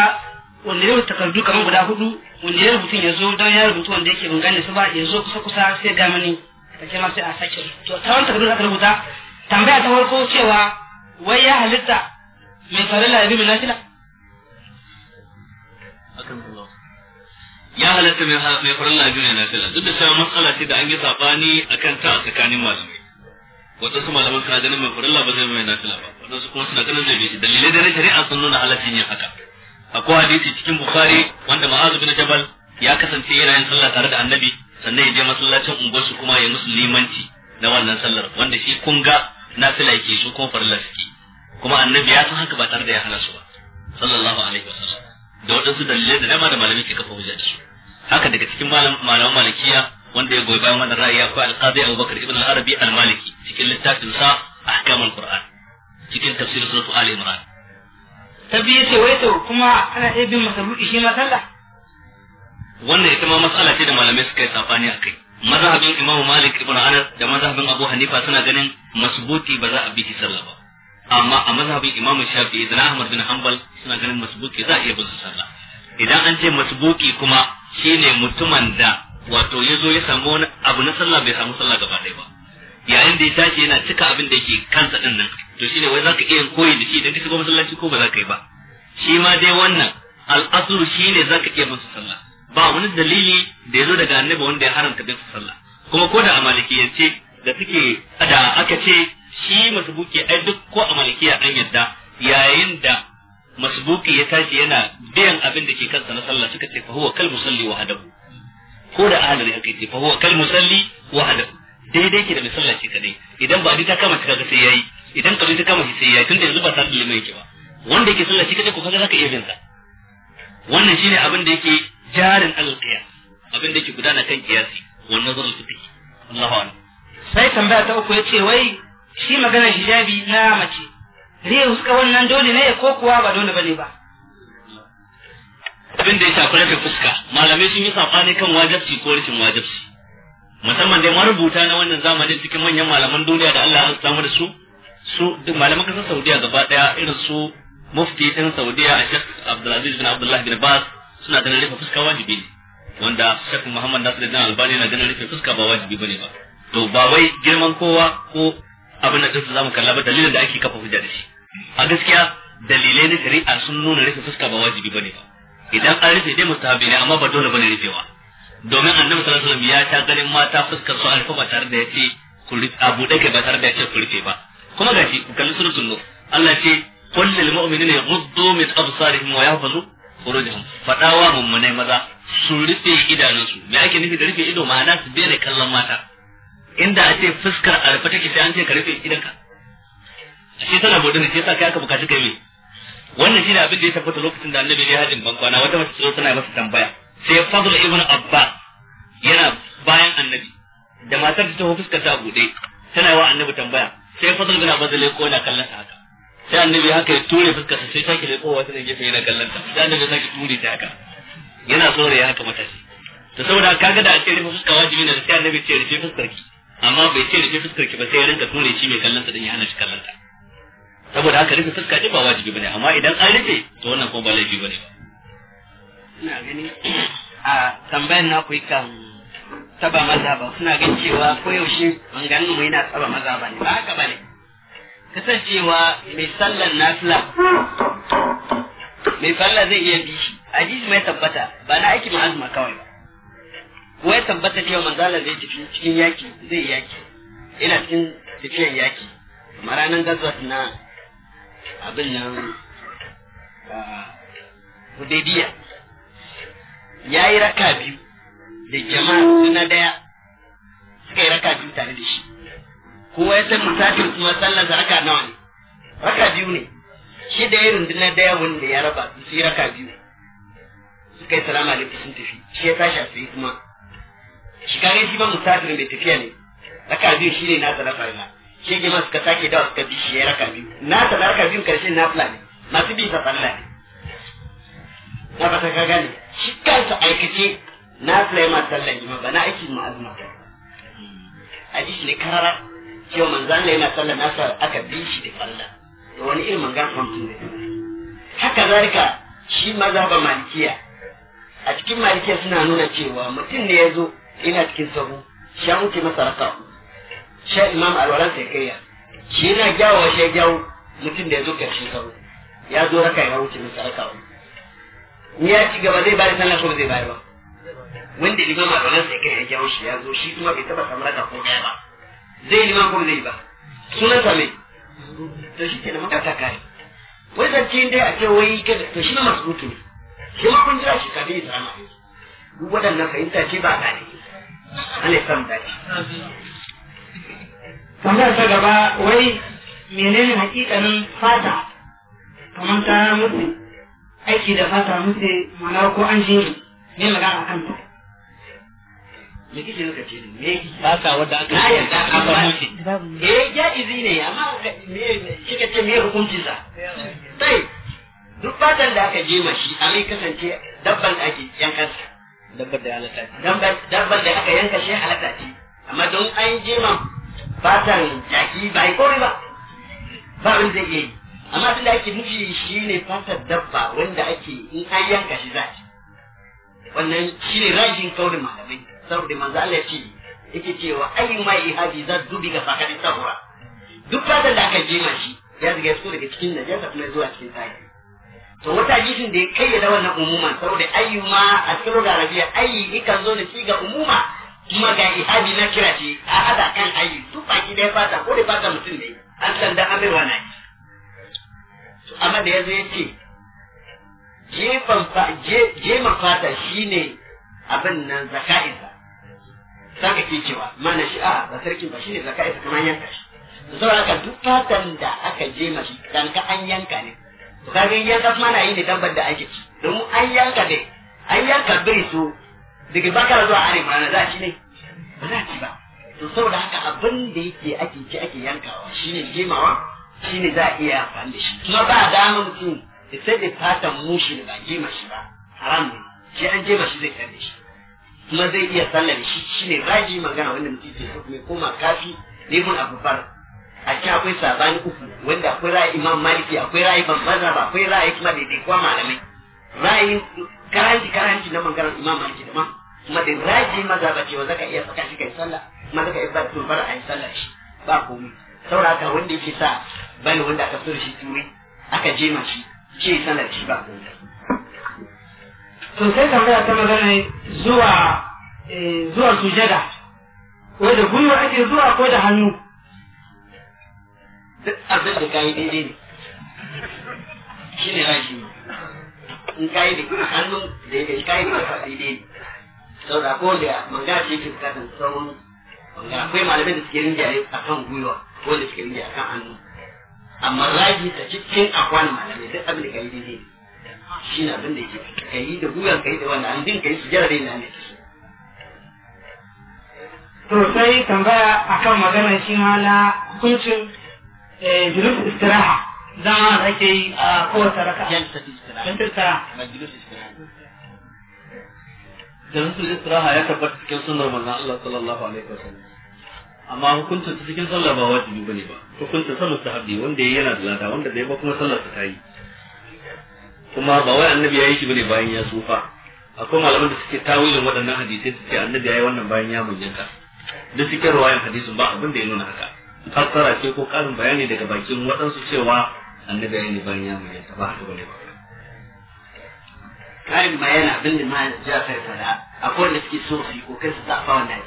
wanda ya takardu kamar guda hudu wanda ya rubutun ya zo don ya rubutu wanda yake ban gane su ba ya zo kusa kusa sai ga mani kace ma sai a sake to ta wannan takardu aka rubuta tambaya ta farko cewa wai ya halitta mai farilla ya bi mai nafila ya halatta mai farilla biyu ne nafila duk da cewa matsala ce da an yi sabani kan ta a tsakanin malamai su malaman suna ganin mai farilla ba zai mai nafila ba wadansu kuma suna ganin zai bishi dalilai da na shari'a sun nuna halaccin yin haka akwai hadisi cikin bukhari wanda ma'azu bin jabal ya kasance yana yin sallah tare da annabi sannan ya je masallacin unguwarsu kuma ya musu limanci na wannan sallar wanda shi kun ga fila yake su kuma farilla suke kuma annabi ya san haka ba tare da ya hana su ba sallallahu alaihi wasallam da waɗansu dalilai da dama da malami ke kafa hujja da su haka daga cikin malaman malikiya wanda ya goyi bayan wannan ra'ayi akwai al-qadi Abu Bakar ibn al-Arabi al-Maliki cikin littafin sa ahkamul Qur'an cikin tafsir suratu Ali Imran ta biyu ce wai to kuma ana iya bin shi wannan ita ma matsala ce da malamai suka yi safani a kai mazhabin imamu malik ibn anas da mazhabin abu hanifa suna ganin masbuti ba za a bi sallah ba amma a mazhabin imamu shafi'i da ahmad bin hanbal suna ganin masbuki za a iya bin sallah idan an ce masbuki kuma shine mutumin da wato ya zo ya samu wani abu na sallah bai samu sallah gaba ɗaya ba yayin da ya tashi yana cika abin da yake kansa din nan to shine wai zaka iya koyi da shi idan ka shiga masallaci ko ba za ka yi ba shi ma dai wannan al'asru shine zaka iya masa sallah ba wani dalili da ya zo daga annabi wanda ya haramta bin sallah kuma ko da a malikiyance da suke da aka ce shi masbuki ai duk ko a malikiya an yadda yayin da masbuki ya tashi yana biyan abin da ke kansa na sallah suka ce fa huwa kal musalli wahdahu ko da ahlul haqi fa huwa kal musalli wahdahu daidai ke da mai sallah ce kadai idan ba ta kama ta kaga sai yayi idan kabli ta kama shi sai yayi tunda yanzu ba tare da liman yake ba wanda yake sallah shi kadai ko kaga zaka iya bin sa wannan shine abin da yake jarin alqiya abin da yake gudana kan kiyasi wannan su fi Allahu akbar sai tambaya ta uku yace wai shi magana hijabi na mace zai uska wannan dole ne ko kuwa ba dole bane ba abin da ya shafi rufe fuska malamai sun yi sabani kan wajabci ko rashin wajabci musamman dai marubuta na wannan zamanin cikin manyan malaman duniya da Allah ya samu da su su duk malaman kasar Saudiya gaba daya irin su mufti din Saudiya a Sheikh Abdulaziz bin Abdullah bin Baz suna ganin rufe fuska wajibi ne wanda Sheikh Muhammad Nasiruddin Albani na ganin rufe fuska ba wajibi bane ba to ba wai girman kowa ko abin da duk zamu kalla ba dalilin da ake kafa hujja da shi a gaskiya dalilai na shari'a sun nuna rufe fuska ba wajibi bane ba idan an rufe dai mustahabi ne amma ba dole bane rufewa domin annabi sallallahu alaihi wasallam ya ta ganin mata fuskar su alfa ba tare da yace kulli abu dake ba tare da yace kulli ba kuma gashi kalli sunan Allah ce qul lil mu'minina yaghuddu min absarihim wa yahfazu furujahum fadawa mummunai maza su rufe idanunsu me ake nufi da rufe ido ma'ana su bere kallon mata inda a ce fuskar alfa take sai an ce ka rufe idanka shi tana bude ne sai ka kai aka bukaci kai me wannan shine abin da ya tabbata lokacin da annabi ya hajin bankwana wata mace tana masa tambaya sai fadl ibn abbas yana bayan annabi da matar ta fuskar ta bude tana wa annabi tambaya sai fadl ibn abbas zai kona kallon ta haka sai annabi haka ya ture fuskar sa sai take da kowa tana gefe yana kallon ta sai annabi ya ture ta haka yana so ya haka matashi to saboda kaga da ake rufe fuskar wajibi ne sai annabi ce rufe fuskar ki amma bai ce rufe fuskar ki ba sai ya rinka ture shi mai kallon ta din ya hana shi kallon ta saboda haka rufe fuska ba wajibi bane amma idan an rufe to wannan ko ba laifi bane ba suna gani a tambayan na kuyi kan taba maza ba suna gani cewa koyaushe maganganun mu yana taba maza ba ne ba haka ba ne kasancewa mai sallan nafila mai falla zai iya bi shi a mai tabbata ba na aiki ma kawai ba ko ya tabbata cewa manzala zai tafi cikin yaki zai yaki ina cikin tafiyan yaki kamar ranar gazwat na abin nan hudaybiya ya yi raka biyu da jama'a suna daya suka yi raka biyu tare da shi kowa ya san musafir kuma sallar da raka nawa ne raka biyu ne shi da ya na daya wanda ya raba su yi raka biyu suka yi salama da sun tafi shi ya tashi a sai kuma shi kare shi ba musafir mai tafiya ne raka biyu shi ne nasa rafa ila shi gina suka sake dawa suka bi shi ya raka biyu nasa raka biyu karshen na fulani masu bi sa sallah ne na ba ta ka gane shi kansa aikace na Sulaiman sallan jima ba na aiki ma azuma ji shi ne karara cewa manzan Allah yana sallan nasa aka bi shi da falla da wani irin mangan famtu ne haka zarika shi ba malikiya a cikin malikiya suna nuna cewa mutum ne ya zo ina cikin sahu sha muke masa raka sha imam alwaran sai kaiya shi yana gyawo shi gyawo mutum da ya zo karshen sahu ya zo raka ya wuce masa raka ya ci gaba zai bada sallah ko zai bari ba wanda liman ma dolan sai kai ya shi ya zo shi kuma bai taba samar da ko ba zai liman ko zai ba sunan sa me to shi kenan maka ta kai wai zance dai a ce wai kada to shi ma masrutu ne shi ma kun jira shi ka ya zama duk waɗannan fahimta ce ba gane ana san dace wannan ta gaba wai menene hakikanin fata kamar ta mutu aiki da fata mutu mana ko an ji ne magana akan ta me kike suka ne me fata wanda aka yi da aka mutu eh ya izi ne amma eh, me kike ce me hukunci sa sai duk fatan da aka je mashi a mai kasance dabban da ake yankan sa dabban da halatta ce dabban da aka yanka shi halatta ce amma don an ma fatan jaki bai kori ba ba wani zai iya yi amma abin da ake nufi shi ne fatar dabba wanda ake in an yanka shi zaki wannan shi ne rajin kaurin malamai saboda manzo Allah ya ce yake cewa ayi mai ihadi za dubi ga fakari sahura duk fatar da aka jima shi ya ziga su daga cikin najasa kuma zuwa cikin tsari to wata jisin da ya kayyada wannan umuman saboda ayi ma a cikin arabiya ayi ikan zo da shi ga umuma kuma ga ihadi na kira shi a hada kan ayi duk baki da ya fata ko da fata mutum ne an sanda amirwa na yi amma da ya zo ya ce jefan fata shi ne abin nan zaka'isa saka ke cewa mana shi a ah, ba sarki ba shi ne zaka'isa an yanka shi da sauran haka duk fatan da aka jema shi dan ka an yanka ne to kaga yanka mana yi ne dabbar da ake ci don an yanka ne an yanka bai so daga bakar zuwa arewa na za shi ne ba za ci ba to saboda haka abin da yake ake ci ake yankawa ne jemawa shi ne za a iya amfani da shi kuma ba dama mutum da sai da fatan mushi da ba jima shi ba haram ne shi an jima shi zai da shi kuma zai iya sallar shi shi ne raji magana wanda mutum ke so mai koma kafi ne mun abubar a ci akwai sabani uku wanda akwai ra'ayi imam maliki akwai ra'ayi ban ba akwai ra'ayi kuma daidai kuma malamai ra'ayin karanci karanci na magana imam maliki da ma kuma da raji mazhab ce wanda ka iya saka shi kai sallah kuma zaka iya ba tumbar a yi sallah shi ba komai saboda haka wanda yake sa bani wanda aka so da shi turai aka je ma shi shi sanar shi ba kuma to sai tambaya ta magana zuwa eh, zuwa sujada ko da gwiwa ake zuwa ko da hannu abin da kayi daidai ne shi ne rashi in kayi da hannu da ya kayi da kafa daidai ne da ko da manga ce ke bukatar sauran manga akwai malamai da suke rinjaye a kan gwiwa ko da suke rinjaye a kan hannu amma ragi da cikin akwan malamai duk abin da kai dai shi na abin da yake kai da guyan kai da wannan an din kai su jira dai na ne to sai tambaya akan magana shi ma na hukuncin eh, julus istiraha zama da ake yi a kowace raka jalsa istiraha jalsa istiraha ya tabbata cikin sunnar manzon Allah sallallahu alaihi wasallam amma hukunta ta cikin sallah ba wajibi bane ba hukuncin ta mustahabi wanda yana da lada wanda bai ba kuma sallar ta yi kuma ba wai annabi ya yi shi bane bayan ya tsufa akwai malaman da suke tawilin waɗannan hadisai su ce annabi ya yi wannan bayan ya yanka duk cikin ruwayan hadisin ba abin da ya nuna haka fassara ce ko ƙarin bayani daga bakin waɗansu cewa annabi ya bayan ya yanka ba haka bane ba kayan bayan abin da ma ya ja kai fada akwai da suke so su yi ko kai su zafa wannan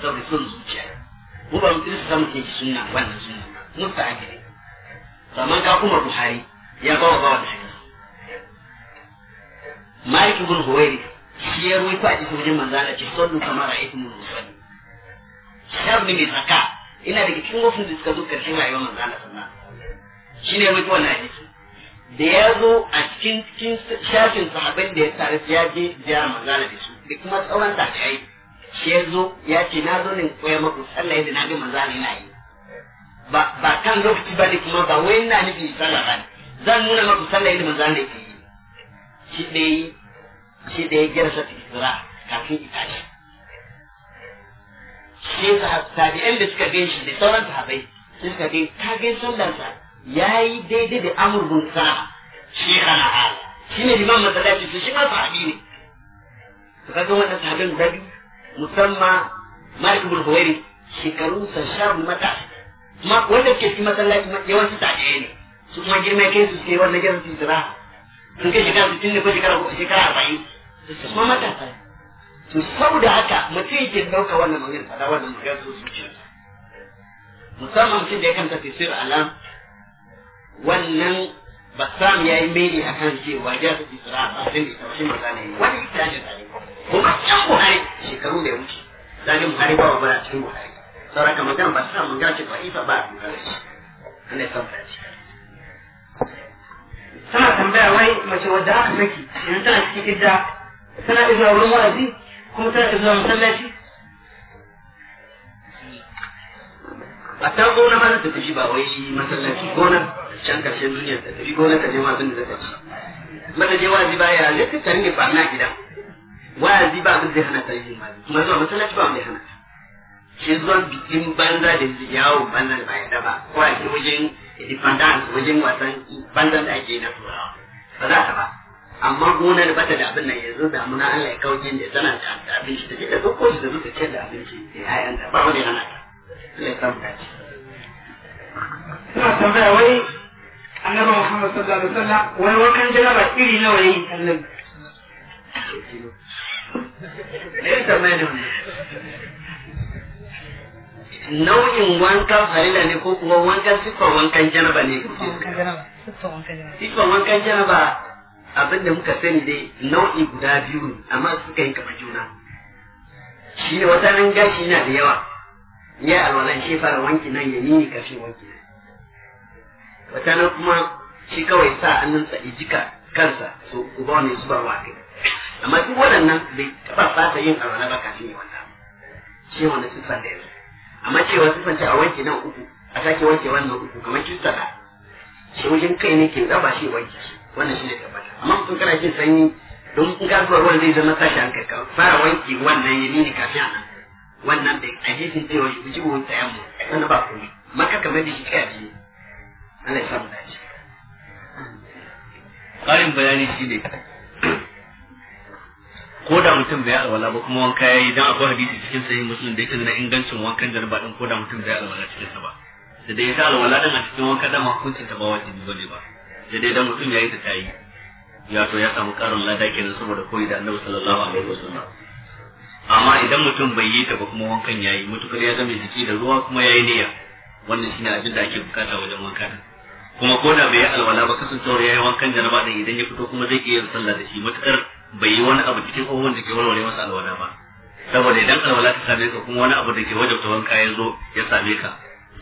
saboda sun zuciya mu ba mutum su samun kinki suna wannan suna sunna mutta ake ne saman ka kuma buhari ya ba wa bawa da hadisi malik ibn huwairi shi ya ruwaito a cikin wajen manzana ce sallu kamar ra'aytu mun musalli shar ne mai zaka ina daga cikin wasu da suka zo karshen rayuwar manzana shi ne ruwaito wannan hadisi da ya zo a cikin cikin shafin sahabbai da ya tare ya je ziyara manzana da su da kuma tsawon da ya yi shi ya zo ya ce na zo ne koya maku sallah yadda na bi manzo ne na yi ba ba kan lokaci ba ne kuma ba wai na nufi sallah ba zan nuna maku sallah yadda manzo ne ke yi shi dai shi dai girsa tisra kafin itashi shi tabi'an da suka gan shi da sauran sahabbai sun ka gan ka sallar sallansa ya yi daidai da amurbin sa shi kana hal shi ne liman masallaci su shi ma sahabi ne to kaga wannan sahabin guda biyu musamman malik Bulhuwari huwairi shekaru sa sha mata kuma wanda ke cikin masallaci yawanci tajiye ne su kuma girma kai su ke wannan gidan su tira sun kai shekara sittin ne ko shekara shekara arba'in su kuma mata su sau da haka mutum yake ɗauka wannan mawuyar fada wannan mawuyar su zuciyarsa musamman mutum da ya kanta tafsir alam wannan bassam ya yi mene akan cewa jasa tisra ba sai ne taushin magana ne wani ita ne ko kuma can buhari shekaru da ya wuce zagin buhari ba wa bara cikin buhari sauraka magana ba sa magana ce ba ifa ba a magana ce ana yi sauka ce tana tambaya wai mace wadda aka saki yanzu tana cikin idda tana izuwa wurin wa'azi kuma tana izuwa masallaci a ta gona ma ta tafi ba wai shi masallaci gona can karshen duniya ta tafi gona ka je ma abin da ta ci mata je wa'azi baya zai ta ne ba na gidan wa'azi ba abin zai hana ta yin wa'azi kuma zuwa masallaci ba abin zai ta shi zuwa bikin banza da yawon banza da ba ya daba ko a ke wajen independence wajen wasan banza da ake na turawa ba za ta ba amma gonar bata da abin nan yanzu da muna Allah ya kawo jin da tana da abinci da jika duk kowace da zuka ce da abinci da ya'yan da ba wani hana ta Allah ya samu dace. Ina tambaya wai annabi Muhammad sallallahu alaihi wasallam wai wakan ba iri nawa yayi annabi. nau'in wankan farila ne ko kuma wankan siffar wankan janaba ne siffar wankan janaba abin da muka sani dai nau'i guda biyu ne amma suka yi kama juna shi ne wata nan gashi na da yawa ya alwalan shi fara wanki nan ya nini karshe wanki nan wata nan kuma shi kawai sa hannunsa ijika kansa su uba ne zubarwa kai amma duk waɗannan bai taɓa fata yin arwana ba kafin ya wannan cewa na siffar da yanzu amma cewa siffar ce a wanke nan uku a sake wanke wannan uku kamar kista da shi wajen kai ne ke zaba shi wanke wannan shi ne tabbata amma mutum kana jin sanyi don in ka zuwa ruwan zai zama sashi an kakka fara wanke wannan ya nini kafin a nan wannan bai a jefin zai wani guji wani tsayan mu wannan ba kuma maka kamar da shi kai biyu Allah ya samu dace. Ƙarin bayani shi ne ko da mutum bai alwala ba kuma wanka yayi dan akwai hadisi cikin sahih muslim da yake nuna ingancin wankan ba din ko da mutum bai alwala cikin sa ba da dai ta alwala dan a cikin wanka da hukuncin ta ba wajibi bane ba da dai dan mutum yayi ta tayi ya to ya samu karin lada kenan saboda koyi da Annabi sallallahu alaihi wasallam amma idan mutum bai yi ta ba kuma wankan yayi mutukar ya zama jiki da ruwa kuma yayi niyya wannan shine abin da ake bukata wajen wanka kuma ko da bai yi alwala ba kasancewar yayi wankan janaba din idan ya fito kuma zai iya sallah da shi mutukar bai yi wani abu cikin abubuwan da ke warware masa alwala ba saboda idan alwala ta same ka kuma wani abu da ke wajabta wanka ya zo ya same ka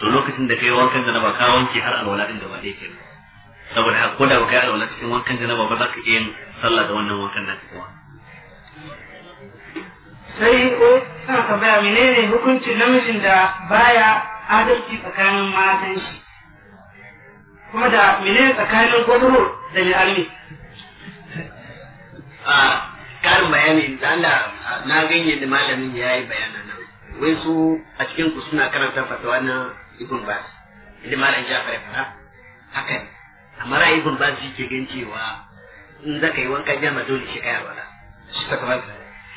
to lokacin da kai wankan ba ka wanke har alwala din da ba yake saboda haka ko da ba kai alwala cikin wankan janaba ba ba za ka iya yin sallah da wannan wankan nan kuma sai ko sana tambaya menene hukuncin namijin da baya adalci tsakanin matan shi kuma da menene tsakanin gwamnati da mai almi a karin bayani da Allah na ganye da malamin ya yi bayanan nan wai su a cikin ku suna karanta fatawa na ibn bas da malamin jafar fara haka ne amma ra'ayi ibn bas yake gan cewa in zaka yi wanka jama dole shi kayar wala shi ta kamar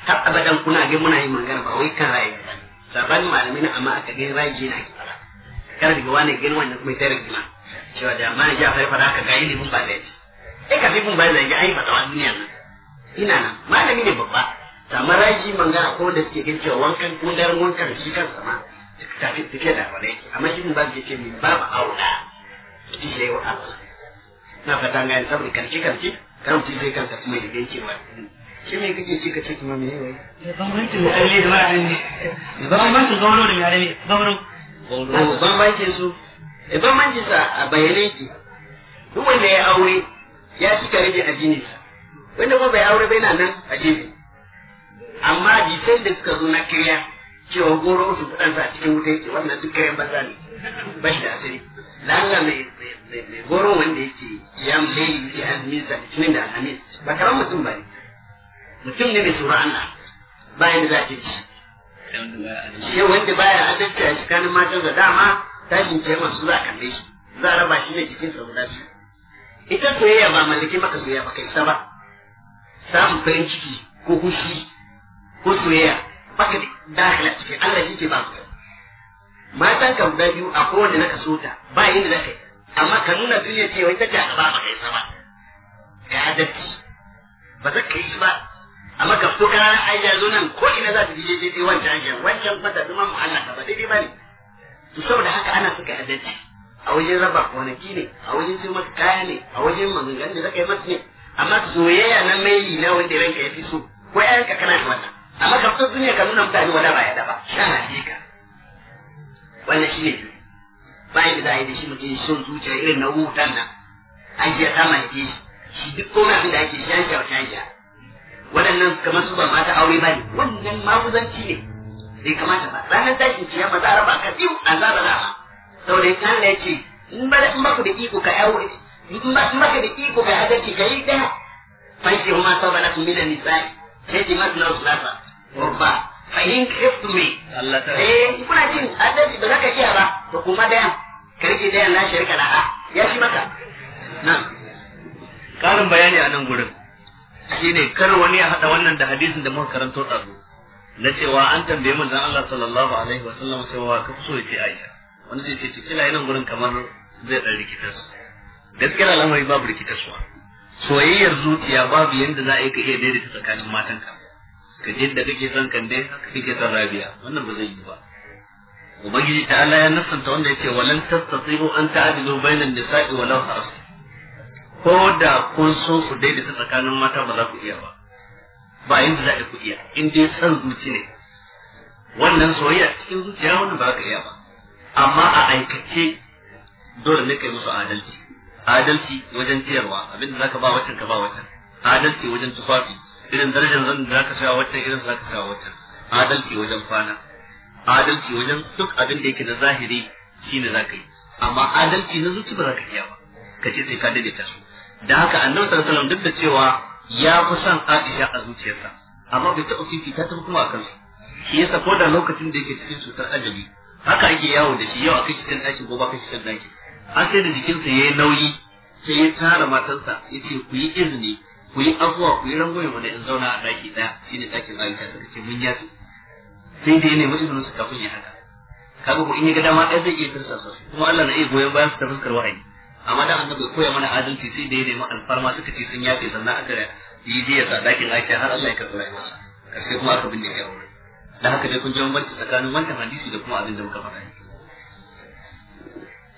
ta abadan kuna ga muna yi magana ba wai kan ra'ayi saban malamin amma aka ga ra'ayi na ake fara kar da wani gani wannan kuma tare da cewa da malam jafar fara ka ga Ibn Bas ne sai ka fi ibn bas ne ga ai fatawa duniya nan ina nan malami ne babba samar raji ko da suke wankan ko dar wankan shi kan sama tafi da wani yake amma shi ba zai ce min babu aula shi sai wa Allah na fata ngani saboda karshe karshe karam shi zai kansa kuma yake yake wa shi me kake ci ka ce kuma me ne wai bambancin da kalle da mara ne bambancin gauro da yare ne gauro gauro su sa a bayyane ki duk wanda ya aure ya cika rage sa wanda kuma bai aure bai na nan a jeji amma jisai da suka zo na kiriya cewa goro su ɗansa a cikin wuta yake wannan duk kiriyan banza ne ba shi da asiri lalla mai goro wanda yake ya mai yi alhamis da cikin da alhamis ba karan mutum ba ne mutum ne mai tsoro Allah bayan da za ta ci shi wanda baya adalci a tsakanin matan da dama tashin ce masu za a kalle shi za a raba shi ne jikinsa guda biyu ita soyayya ba mallake maka soyayya ba kai sa ba samun farin ciki ko hushi ko soyayya baka da dakala ciki Allah yake ke ba ku matan kan da biyu a kowanne naka so ta ba yinda da naka amma ka nuna duniya ce wai ta ce ba ba kai sama ga adalci ba za ka yi shi ba amma ka fito kana na aija zo nan ko ina za ka je daidai wancan ajiya wancan fata duma zama Allah ka ba daidai ba ne to saboda haka ana suka adalci a wajen raba kwanaki ne a wajen cin maka kaya ne a wajen maganganun da ka yi masa ne amma soyayya na maili na wanda ranka ya fi so ko yayanka kana da wata? amma ka fito duniya ka nuna mutane wanda ba ya daba sha ka wannan shi ne bayan da za yi da shi mutum son zuciya irin na wutan nan an je kama ke shi shi duk komai abin da ake shan shan shan shan waɗannan kamar su ba mata aure ba ne wannan mafuzanci ne zai kamata ba ranar tashin ba za a raba ka biyu a zaba za a saboda ya kan ya ce in ba ku da iko ka yawo maka da iko kai adalci kai da fanki huma saba na da nisa'i sai di masu na usulasa rubba fahim kiftu me eh kuna jin adalci ba za ka kiya ba to kuma dayan karki dayan na shirka da ha ya shi maka nan karin bayani a nan gurin shine kar wani ya hada wannan da hadisin da muka karanto ɗazu na cewa an tambaye mun dan Allah sallallahu alaihi wa sallam cewa ka so ya ce Aisha wani zai ce kila yanan gurin kamar zai dan rikitar gaskiyar al'amari babu suwa soyayyar zuciya babu yadda za a yi ka iya daidaita tsakanin matanka ka je da kake son kan dai ka kake son rabiya wannan ba zai yi ba ubangiji ta Allah ya nasanta wanda yake walan tastati'u an ta'dilu bainan nisa'i law haras ko da kun so ku daidaita tsakanin mata ba za ku iya ba ba yadda za a ku iya in dai san zuci ne wannan soyayya cikin zuciya wannan ba ka iya ba amma a aikace dole ne kai musu adalci adalci wajen ciyarwa abinda zaka ba wacce ka ba wacce adalci wajen tufafi irin darajar zan da zaka sha wacce irin zaka sha wacce adalci wajen kwana adalci wajen duk abin da yake da zahiri shine zaka yi amma adalci na zuci ba zaka iya ba ce sai ka daidaita su da haka annabi sallallahu alaihi wasallam duk da cewa ya fi son Aisha a zuciyarsa amma bai taɓa fifi ta tafi kuma a kansu shi yasa ko da lokacin da yake cikin cutar ajali haka ake yawo da shi yau a kai cikin ɗakin ko ba kai cikin ɗakin har sai da jikinsa yi nauyi sai ya tara matansa ce ku yi izini ku yi afuwa ku yi rangwaye mana in zauna a daki daya ne dakin Aisha da ce mun yafi sai da ya nemi izinin su kafin ya haka kaga ko in ya ga dama ɗaya zai iya tursa su kuma Allah na iya goyon bayan su ta fuskar wahayi amma dan annabi koya mana adalci sai da ya nemi alfarma suka ce sun yafe sannan aka yi jiya sa dakin Aisha har Allah ya karɓi rayuwarsa karshe kuma aka binne kai da haka dai kun ji bambanci tsakanin wannan hadisi da kuma abin da muka faɗa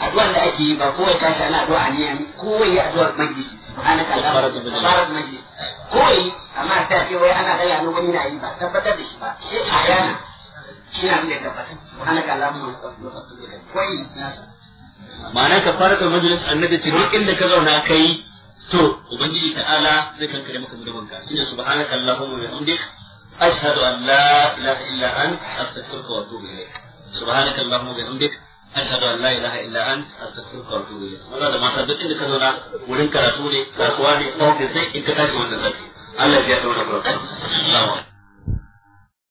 addu'an da ake yi ba kowai ta shi ana addu'a ne an kowai ya addu'a majlisi subhanaka allahumma tabarak majlis kowai amma ta ce wai ana daga nan wani na yi ba tabbatar da shi ba sai ayana shi na da tabbatar subhanaka allahumma kowai ma'ana ka fara da majlis annabi ce duk inda ka zauna kai to ubangiji ta'ala zai kankare maka zunubanka shine subhanaka allahumma wa bihamdik ashhadu an la ilaha illa anta astaghfiruka wa atubu ilayk subhanaka allahumma wa bihamdik ashhadu an la ilaha illa ant astaghfiruka wa atubu ilayk maza da mata duk inda ka zauna wurin karatu ne kasuwa ne ofis ne in ka tashi wannan zaki Allah ya tsaya da barka